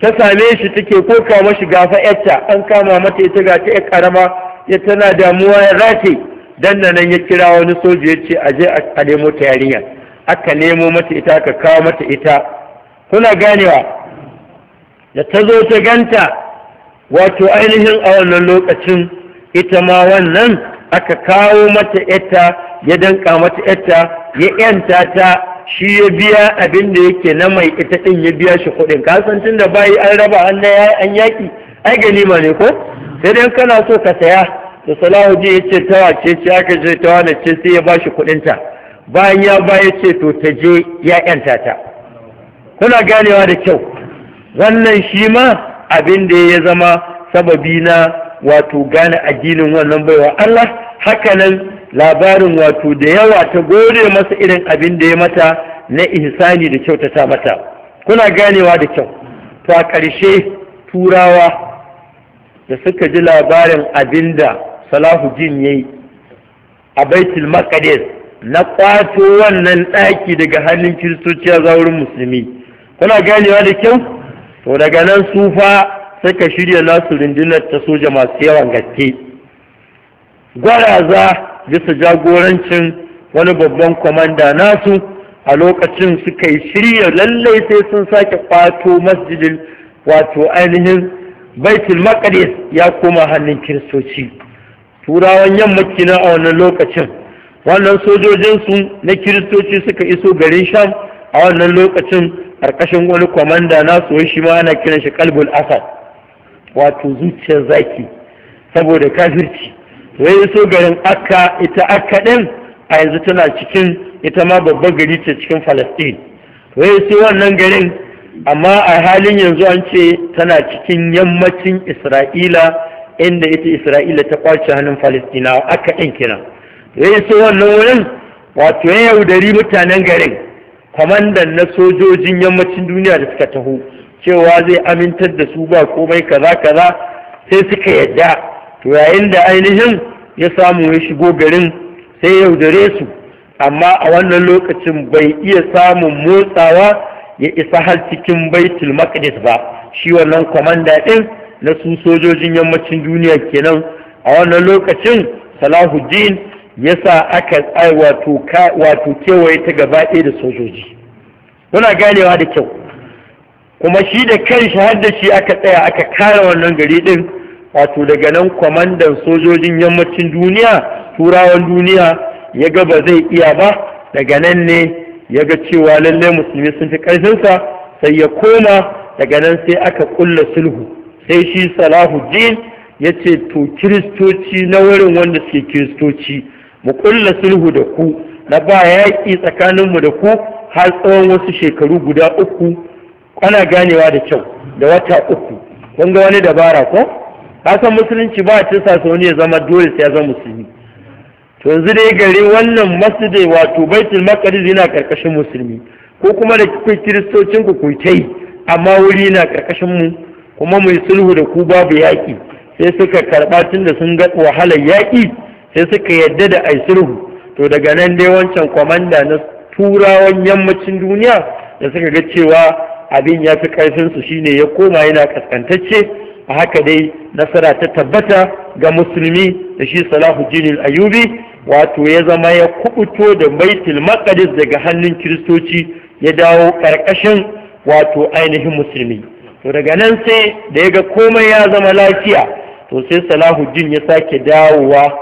ta same shi take koka mashi gafa yarta an kama mata ita ga ta karama ya tana damuwa ya rake dan nan ya kira wani soja ya ce a je a nemo ta yarinya aka nemo mata ita aka kawo mata ita kuna ganewa da ta zo ta ganta wato ainihin a wannan lokacin ita ma wannan aka kawo mata yatta ya danka mata yatta ya yanta ta shi ya biya abin da yake na mai ita din ya biya shi kuɗin kasan tun da bayi an raba an an yaki ai ma ne ko sai dan kana so ka saya to salahuddin ya ce ta ce ce aka je ta na ce sai ya ba shi kuɗin ta bayan ya ba ya ce to ta je ya yanta ta kuna ganewa da kyau wannan shi ma abin da ya zama sababi na wato gane addinin wannan baiwa Allah haka nan labarin wato da yawa ta gode masa irin abin da ya mata na ihsani da kyautata mata kuna ganewa da kyau to a ƙarshe turawa da suka ji labarin abin da salahuddin ya yi a baitul maqdis na kwato wannan ɗaki daga hannun kiristoci a musulmi kuna ganewa da kyau to daga nan sufa ka shirya nasu rundunar ta soja masu yawan gaske gwaraza bisa jagorancin wani babban kwamanda nasu a lokacin suka yi shirya lallai sai sun sake kwato masjidin wato ainihin baitul maqdis ya koma hannun kiristoci turawan yamma kina a wannan lokacin wannan sojojinsu na kiristoci suka iso garin sham a wannan lokacin ƙarƙashin wani kwamanda nasu wai shi ma ana kiran shi kalbul asad wato zuciyar zaki saboda kafirci wai so garin akka ita akka din a yanzu tana cikin ita ma babban gari ce cikin falastin wai so wannan garin amma a halin yanzu an ce tana cikin yammacin isra'ila inda ita isra'ila ta kwace hannun falastinawa akka din kina wai so wannan wurin wato ya yaudari mutanen garin kwamandan na sojojin yammacin duniya da suka taho cewa zai amintar da su ba komai kaza kaza sai suka yadda to yayin da ainihin ya samu ya shigo garin sai yaudare su amma a wannan lokacin bai iya samun motsawa ya isa har cikin baitul maqdis ba shi wannan kwamanda din na su sojojin yammacin duniya kenan a wannan lokacin salahuddin ya sa aka wato kewaye ta gaba da sojoji muna ganewa da kyau kuma shi da shi har da shi aka tsaya aka kare wannan gari din wato daga nan kwamandan sojojin yammacin duniya turawan duniya ya ga ba zai iya ba daga nan ne ya ga cewa lallai musulmi sun fi ƙarfinsa sai ya koma daga nan sai aka ƙulla sulhu sai shi salahuddin ya ce to kiristoci na wurin wanda suke kiristoci mu ƙulla sulhu da ku na ba yaƙi tsakaninmu da ku har tsawon wasu shekaru guda uku ana ganewa da kyau da wata uku kun ga wani dabara ko kasan musulunci ba a cin sa wani ya zama dole sai ya zama musulmi to yanzu dai gare wannan masjidai wato baitul maqdis yana karkashin musulmi ko kuma da kuke kiristocin ku ku tai amma wuri yana karkashin mu kuma mu sulhu da ku babu yaki sai suka karɓa tun da sun ga wahalar yaƙi sai suka yadda da ai sulhu to daga nan dai wancan kwamanda na turawan yammacin duniya da suka ga cewa abin ya fi ƙarfinsu shine ya koma yana kaskantacce a haka dai nasara ta tabbata ga musulmi da shi Salahu jinin ayubi wato ya zama ya kubuto da baitul maqdis daga hannun kiristoci ya dawo ƙarƙashin wato ainihin musulmi to daga nan sai da ya ga komai ya zama lafiya to sai Salahu jin ya sake dawowa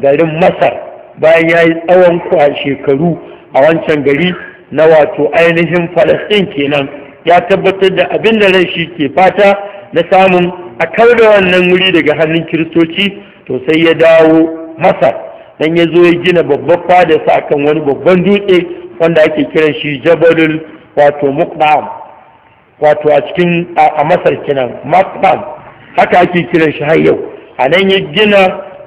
garin masar bayan ya yi tsawon kwa shekaru a wancan gari na wato ainihin falastin kenan ya tabbatar da abin da rai shi ke fata na samun a kar da wannan wuri daga hannun kiristoci to sai ya dawo masa dan ya zo ya gina babban fada sa kan wani babban dutse wanda ake kiran shi jabalul wato muqdam wato a cikin a masar kenan muqdam haka ake kiran shi har yau a nan ya gina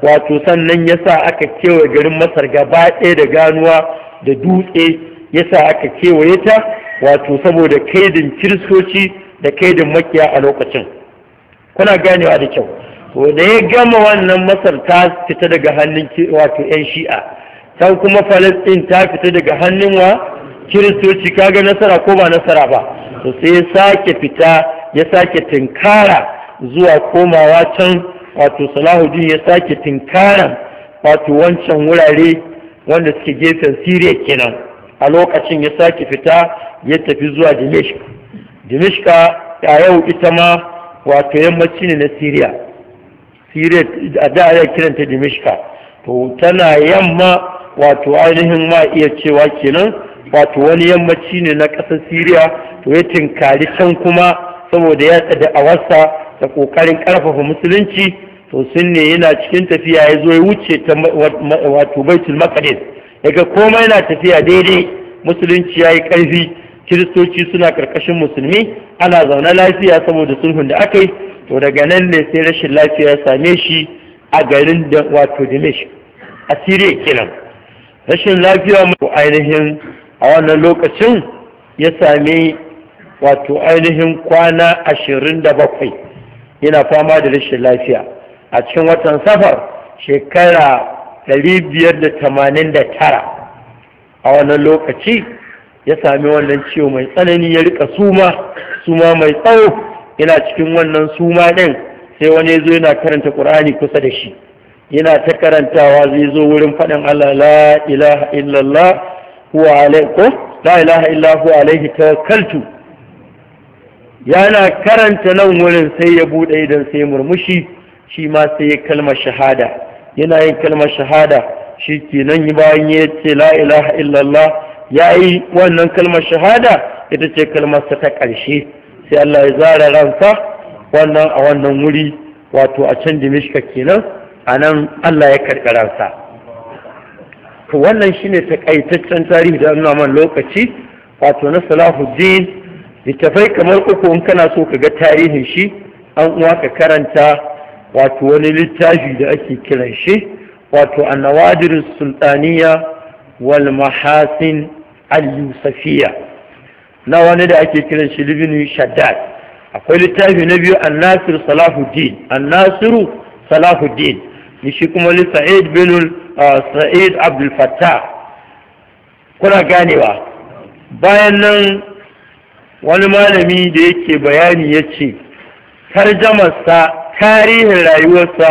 wato sannan ya sa aka kewa garin masar gaba ɗaya da ganuwa da dutse ya sa aka kewaye ta wato saboda kaidin kiristoci da kaidin makiya a lokacin kuna ganewa da kyau to da ya gama wannan masar ta fita daga hannun wato yan shi'a ta kuma falastin ta fita daga hannun wa kiristoci kaga nasara ko ba nasara ba to sai ya sake fita ya sake tinkara zuwa komawa can wato salahuddin ya sake tinkara wato wancan wurare wanda suke gefen siriya kenan a lokacin ya sake fita ya tafi zuwa dimishka dimishka a yau ita ma wato yammaci ne na syria syria a da ana kiranta dimishka to tana yamma wato ainihin ma iya cewa kenan wato wani yammaci ne na ƙasar Siriya. to ya tinkari can kuma saboda ya tsada a wasa da ƙoƙarin ƙarfafa musulunci to sun ne yana cikin tafiya ya zo ya wuce ta wato baitul maqdis daga komai na tafiya daidai musulunci ya yi ƙarfi kiristoci suna ƙarƙashin musulmi ana zaune lafiya saboda sulhun da aka yi to daga nan ne sai rashin lafiya ya same shi a garin da wato dimish a siriya kenan rashin lafiya mai ainihin a wannan lokacin ya sami wato ainihin kwana ashirin da bakwai yana fama da rashin lafiya a cikin watan safar shekara biyar da tara a wannan lokaci ya sami wannan ciwo mai tsanani ya rika suma suma mai tsawo yana cikin wannan suma ɗin sai wani ya zo yana karanta ƙur'ani kusa da shi yana ta karantawa zai zo wurin faɗin Allah la ilaha illallah huwa alaihi la ilaha illahu alaihi tawakkaltu yana karanta nan wurin sai ya buɗe idan sai murmushi shi ma sai ya kalma shahada yana yin kalmar shahada shi ke nan bayan ya ce la ilaha illallah ya yi wannan kalmar shahada ita ce kalmarsa ta ƙarshe sai Allah ya zara ransa wannan a wannan wuri wato a can dimishka kenan a nan Allah ya karɓi ransa to wannan shine takaitaccen tarihi da nuna man lokaci wato na Salahuddin littafai kamar uku in kana so ka ga tarihin shi an uwa ka karanta wato wani littafi da ake kiran shi wato annawadir sultaniya wal mahasin al-yusafiya na wani da ake kiran shi libinu shaddad akwai littafi na biyu annasir salahuddin annasiru salahuddin ni shi kuma li sa'id bin ah, sa'id abdul fattah kuna ganewa bayan nan wani malami da yake bayani ya ce tarjamarsa tarihin rayuwarsa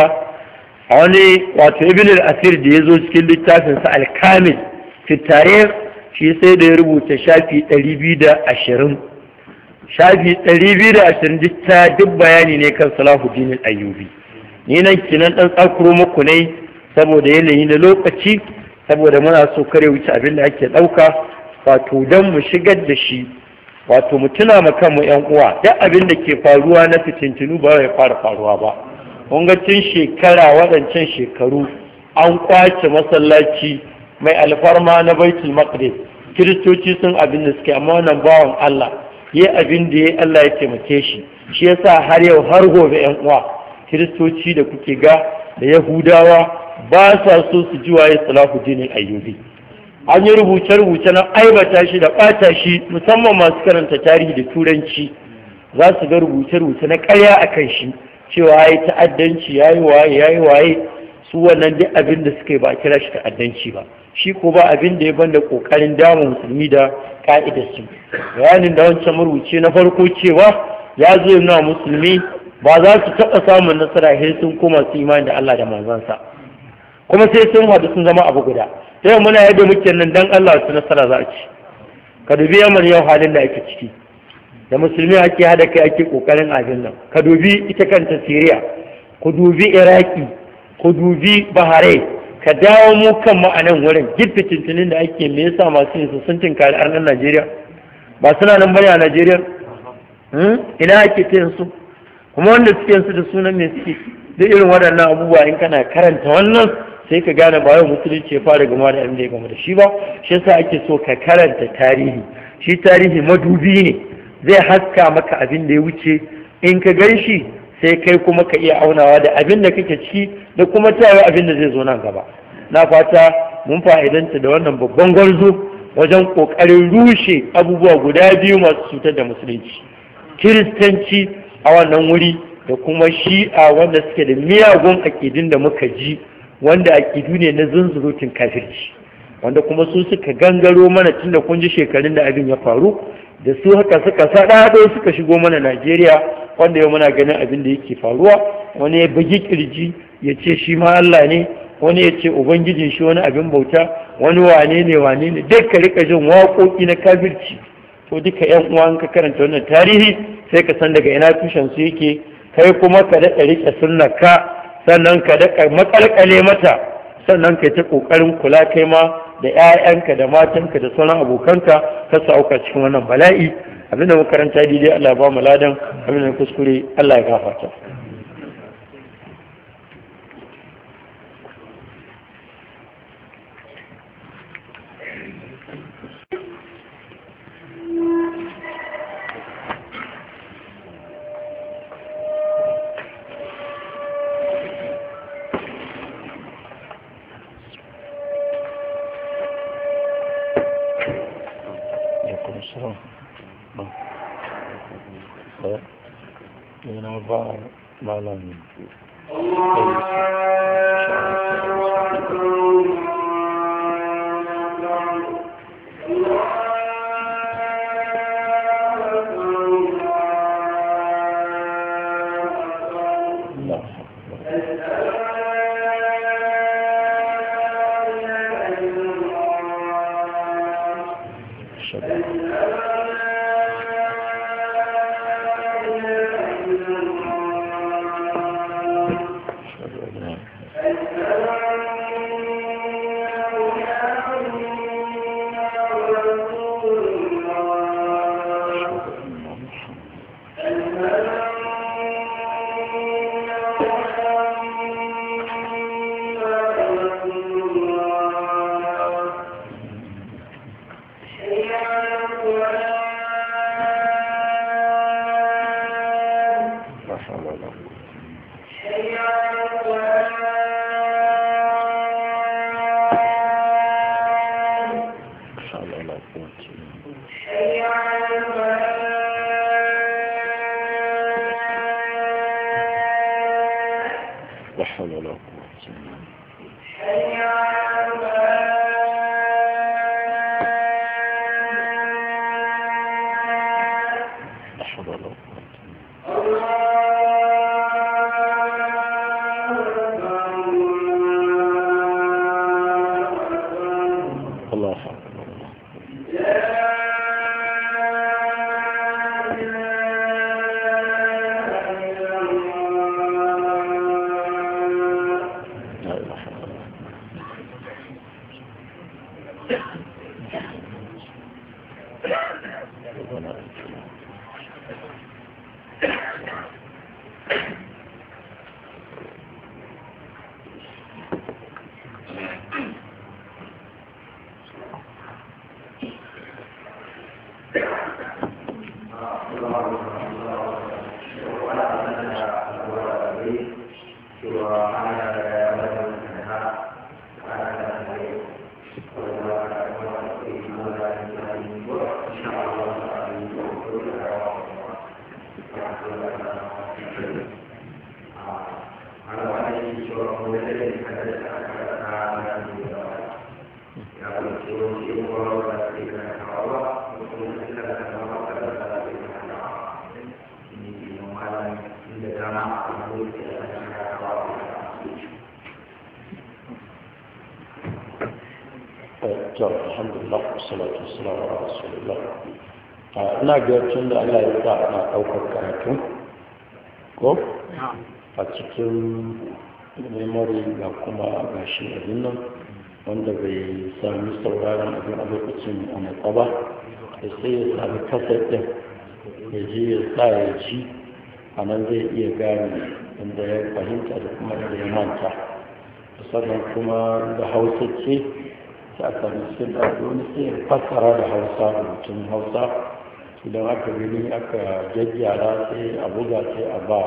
a wani wato ibn al-asir da ya zo cikin littafinsa al-kamil fi shi sai da ya rubuta shafi 220 shafi 220 duk duk bayani ne kan salahuddin al-ayyubi ni nan kinan dan tsakuro muku ne saboda yanayi na lokaci saboda muna so kare wuce abin da ake dauka wato dan mu shigar da shi wato mu tuna ma kanmu yan uwa duk abin da ke faruwa na fitintinu ba ya fara faruwa ba mun ga tun shekara waɗancan shekaru an kwace masallaci mai alfarma na baitul maqdis kiristoci sun abin da suke amma wannan bawan Allah yi abin da ya Allah ya taimake shi shi yasa har yau har gobe yan uwa kiristoci da kuke ga da yahudawa ba sa so su ji waye salahu dinin ayyubi an yi rubuce-rubuce na aibata shi da ɓata shi musamman masu karanta tarihi da turanci za su ga rubuce-rubuce na ƙarya a kan shi cewa ya yi ta'addanci ya yi waye ya yi waye su wannan duk abin da suka yi ba a kira shi ta'addanci ba shi ko ba abin da ya da ƙoƙarin dama musulmi da ƙa'idar su bayanin da wancan marubuce na farko cewa ya zo nuna musulmi ba za su taɓa samun nasara sai sun koma su imani da Allah da manzansa kuma sai sun hadu sun zama abu guda sai muna yadda muke nan dan Allah su nasara za a ci ka dubi yamar yau halin da ake ciki da musulmi ake hada kai ake kokarin abin nan ka dubi ita kanta Syria ku dubi Iraki ku dubi Bahare ka dawo mu kan ma'anan wurin gidda tuntunin da ake me yasa masu yin sun tinkari arnan Najeriya ba suna nan bane a Najeriya hmm? ina ake tayin su kuma wanda suke su da sunan ne suke duk irin waɗannan abubuwa in kana karanta wannan sai ka gane ba yau musulunci ya fara gama da abin da ya gama da shi ba shi yasa ake so ka karanta tarihi shi tarihi madubi ne zai haska maka abin da ya wuce in ka gan shi sai kai kuma ka iya aunawa da abin da kake ciki da kuma tawa abin da zai zo nan gaba na fata mun fa'idanta da wannan babban gwarzo wajen kokarin rushe abubuwa guda biyu masu cutar da musulunci kiristanci a wannan wuri da kuma shi'a wanda suke da miyagun akidin da muka ji wanda aƙidu ne na zunzurutun kafirci wanda kuma su suka gangaro mana tun da kun ji shekarun da abin ya faru da su haka suka saɗaɗo suka shigo mana najeriya wanda yau muna ganin abin da yake faruwa wani ya bugi kirji ya ce shi ma allah ne wani ya ce ubangijin shi wani abin bauta wani wane ne wane ne duk ka rika jin waƙoƙi na kafirci to duka yan uwan ka karanta wannan tarihi sai ka san daga ina tushen su yake kai kuma ka daɗa rike sunna ka sannan ka daƙa matsalƙale mata sannan ka ta ƙoƙarin kula kai ma da 'ya'yanka da matanka da sauran abokanka ka sauka cikin wannan bala'i abinda makaranta daidai Allah ba mu ladan abinda kuskure Allah ya gafarta
Yana ba malamin. Allah
حول ولا قوة إلا بالله
ana biyarcin da allah ya sa ana ɗaukar karatu ko a cikin memory ga kuma gashi abin nan wanda bai sami sauraron abin a lokacin a matsa ba da sai ya sami kasar ɗin ya je ya sa ya ci a nan zai iya gane inda ya fahimta da kuma inda ya manta sannan kuma da hausa ce ta a sami sun da wani sai ya fassara da hausa da mutum hausa idan aka gani aka jajjara sai a buga sai a ba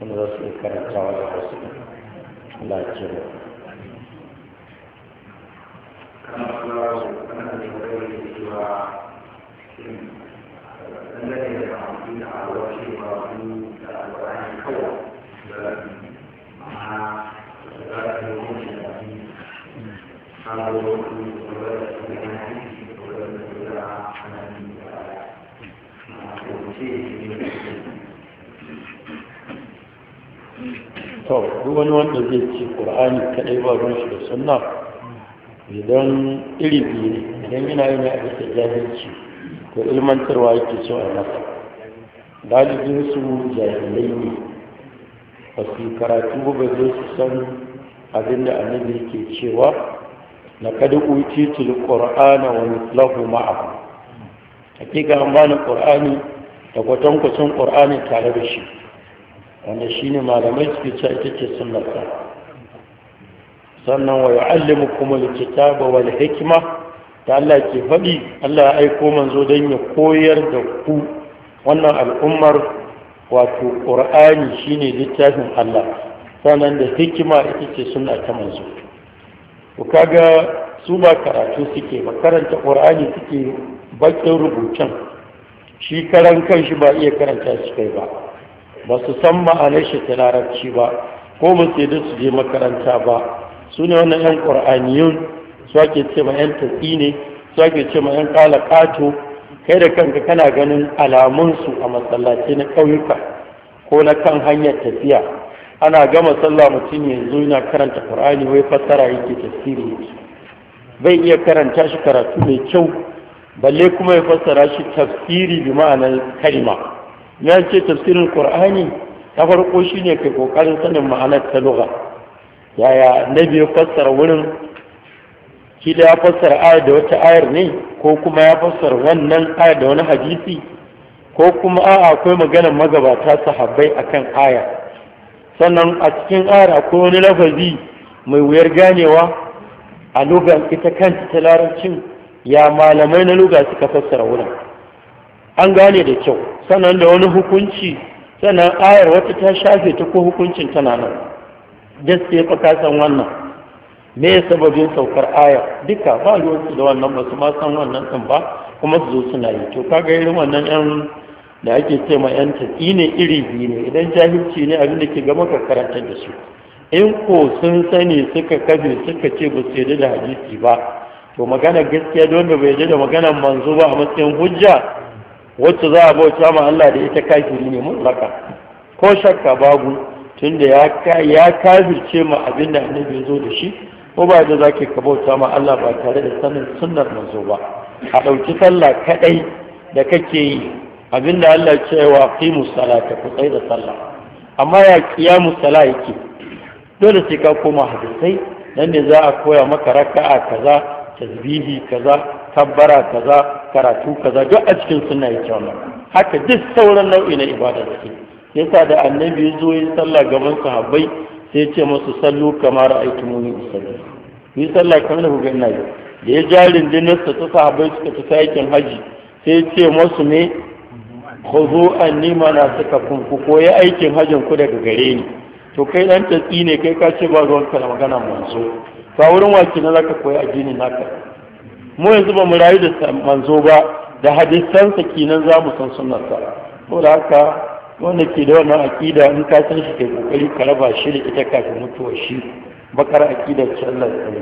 wanda za su yi karantawa da wasu lafiyar Thank you.
kawai duk wani wanda zai ci ƙur'ani kaɗai ba ruwan shi da sunna idan iri biyu ne idan yana yi ne a bisa jahilci to ilmantarwa yake so a masa su jahilai ne ba su karatu ba zai su san abin da annabi yake cewa na kada til qur'ana wa mithlahu ma'ahu hakika an bani qur'ani da kwatankwacin qur'ani tare da shi wanda shi ne malamai suke cewa ita ce sannan wa yu'allimu kuma ba wal hikima da Allah ke faɗi Allah ya aiko manzo don ya koyar da ku wannan al'ummar wato ƙur'ani shine littafin Allah sannan da hikima ita ce sunna ta manzo ku kaga su ba karatu suke ba karanta ƙur'ani suke bakin rubutun shi karan kanshi ba iya karanta su kai ba ba su san ma'anar shi ta larabci ba ko ba su yi su je makaranta ba su ne wannan 'yan ƙur'aniyun su ake ce ma 'yan tafi ne su ake ce ma 'yan ƙato. kai da kanka kana ganin alamunsu a masallaci na ƙauyuka ko na kan hanyar tafiya ana gama sallah mutum yanzu yana karanta ƙur'ani wai fassara yake tafsiri bai iya karanta shi karatu mai kyau balle kuma ya fassara shi tafsiri bi ma'anar kalma ya ce tafsirin ƙur'ani, ta farko shi ne kai ƙoƙarin sanin ma'anar ta luga yaya na biyu fassara wurin shi da ya fassara ayar da wata ayar ne ko kuma ya fassara wannan ayar da wani hadisi ko kuma a'a akwai maganar magabata sahabbai akan aya sannan a cikin ayar akwai wani lafazi mai wuyar ganewa a lugar ita kanta ta larancin ya malamai na luga suka fassara wurin an gane da kyau sannan da wani hukunci sannan ayar wata ta shafe ta ko hukuncin tana nan da sai fa ka san wannan me ya sababin saukar aya duka ba su da wannan ba su ma san wannan din ba kuma su zo suna yi to kaga irin wannan yan da ake ce ma yan tafi iri biyu ne idan jahilci ne abin da ke gama ka karanta da su in ko sun sani suka kabe suka ce ba su yi da hadisi ba to magana gaskiya don da bai yi da maganar manzo ba a matsayin hujja wacce za a bauta ma Allah da ita kafiri ne mutlaka ko shakka babu tunda ya ya kafirce ma abin da annabi zo da shi ko ba da zake ka bauta ma Allah ba tare da sanin sunnar manzo ba a dauki sallah kadai da kake yi abin da Allah ce qimu salata ku tsaya da sallah amma ya qiyamu salah yake dole sai ka koma hadisai nan ne za a koya maka raka'a kaza tasbihi kaza kabbara kaza karatu kaza duk a cikin suna yake wannan haka duk sauran nau'i na ibada suke yasa da annabi ya zo yin sallah gaban sahabbai sai ya ce musu sallu kamar aitumuni usalli yi sallah kamar da ku ina yi da ya ja rindinarsa ta sahabbai suka fita aikin haji sai ya ce musu ne ku zo an nima na suka kunku ko ya aikin hajin ku daga gare ni to kai dan tatsi ne kai ka ce ba ruwanka da magana masu. ba wurin wakilai na zaka koyi addini naka mu yanzu ba mu rayu da manzo ba da hadisansa kenan za mu san ko da haka wanda ke da wannan akida in ka san shi kai kokari ka raba shi da ita kafin mutuwa shi bakar akidar ce Allah ya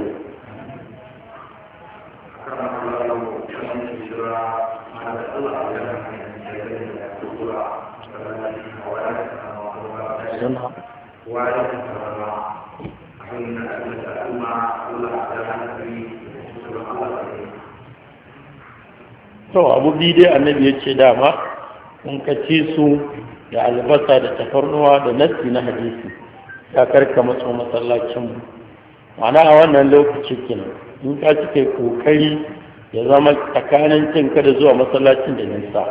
Thank you.
to abu bi dai annabi ya ce dama in ka ci su da albasa da tafarnuwa da nasi na hadisi ya karka matso masallacin mu a wannan lokaci kenan in ka ci kai kokari ya zama tsakanin cin ka da zuwa masallacin da nisa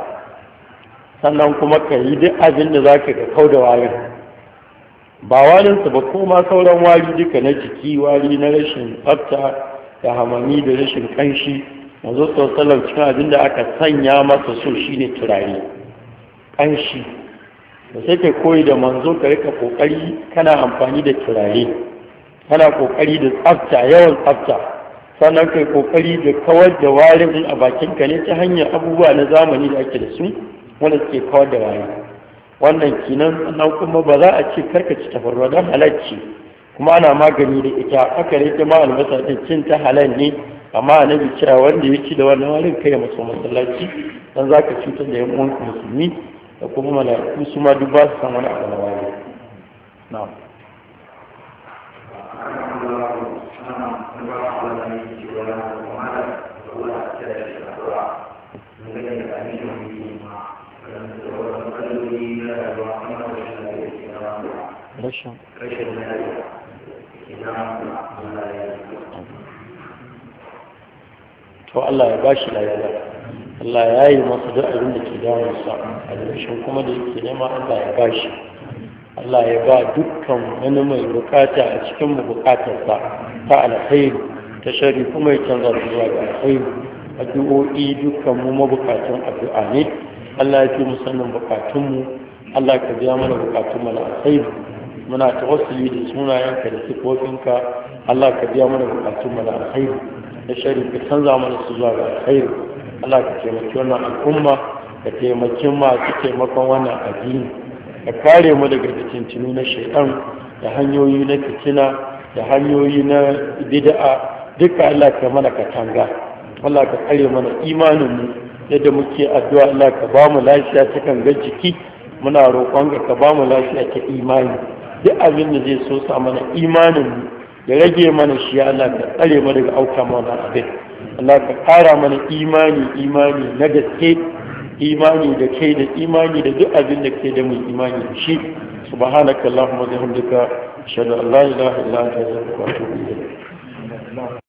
sannan kuma ka yi duk abin da za ka kau da wayar ba walinsa ba koma sauran wari duka na jiki wari na rashin tsafta da hamami da rashin kanshi manzo sallallahu cikin abin da aka sanya masa so shine turare Ƙanshi. da sai kai koyi da manzo ka rika ƙoƙari kana amfani da turare kana ƙoƙari da tsafta yawan tsafta sannan kai ƙoƙari da kawar da wari in a bakinka ne ta hanyar abubuwa na zamani da ake da su wanda suke kawar da wari wannan kinan sannan kuma ba za a ce karka ci tafarwa don halarci kuma ana magani da ita aka rike ta ma albasa cin ta halal ne amma annabi cewa wanda ya ci da wannan warin kai maso masallaci dan zaka cutar da yan uwanka musulmi da kuma malaku su ma duk ba su san wani abu na wari na'am yi.
Ina to Allah ya bashi lafiya Allah ya
yi masa duk abin da ke damunsa a lokacin kuma da yake nema Allah ya bashi Allah ya ba dukkan wani mai bukata a cikin mu bukatarsa ta alkhairi ta shari kuma ya canza zuwa ga alkhairi addu'o'i dukkan mu mabukatun addu'a ne Allah ya fi mu sanin bukatun mu Allah ka biya mana bukatun mu na alkhairi muna tawassuli da sunayen da ka. Allah ka biya mana bukatun mu na alkhairi da shari ka canza mana su zuwa ga alkhairi Allah ka taimaki wannan al'umma ka taimaki masu taimakon wannan addini ka kare mu daga fitintinu na shaidan da hanyoyi na fitina da hanyoyi na bid'a duka Allah ka mana katanga Allah ka kare mana imanin mu yadda muke addu'a Allah ka ba mu lafiya ta ga jiki muna roƙon ka ka ba mu lafiya ta imani duk abin da zai so sa mana imanin mu ya rage mana shi Allah ka tsare mu daga auka mana abin Allah ka kara mana imani imani na gaske imani da kai da imani da duk abin da ke da mu imani da shi subhanakallahumma wa bihamdika ashhadu an la ilaha illa anta astaghfiruka wa atubu
ilayk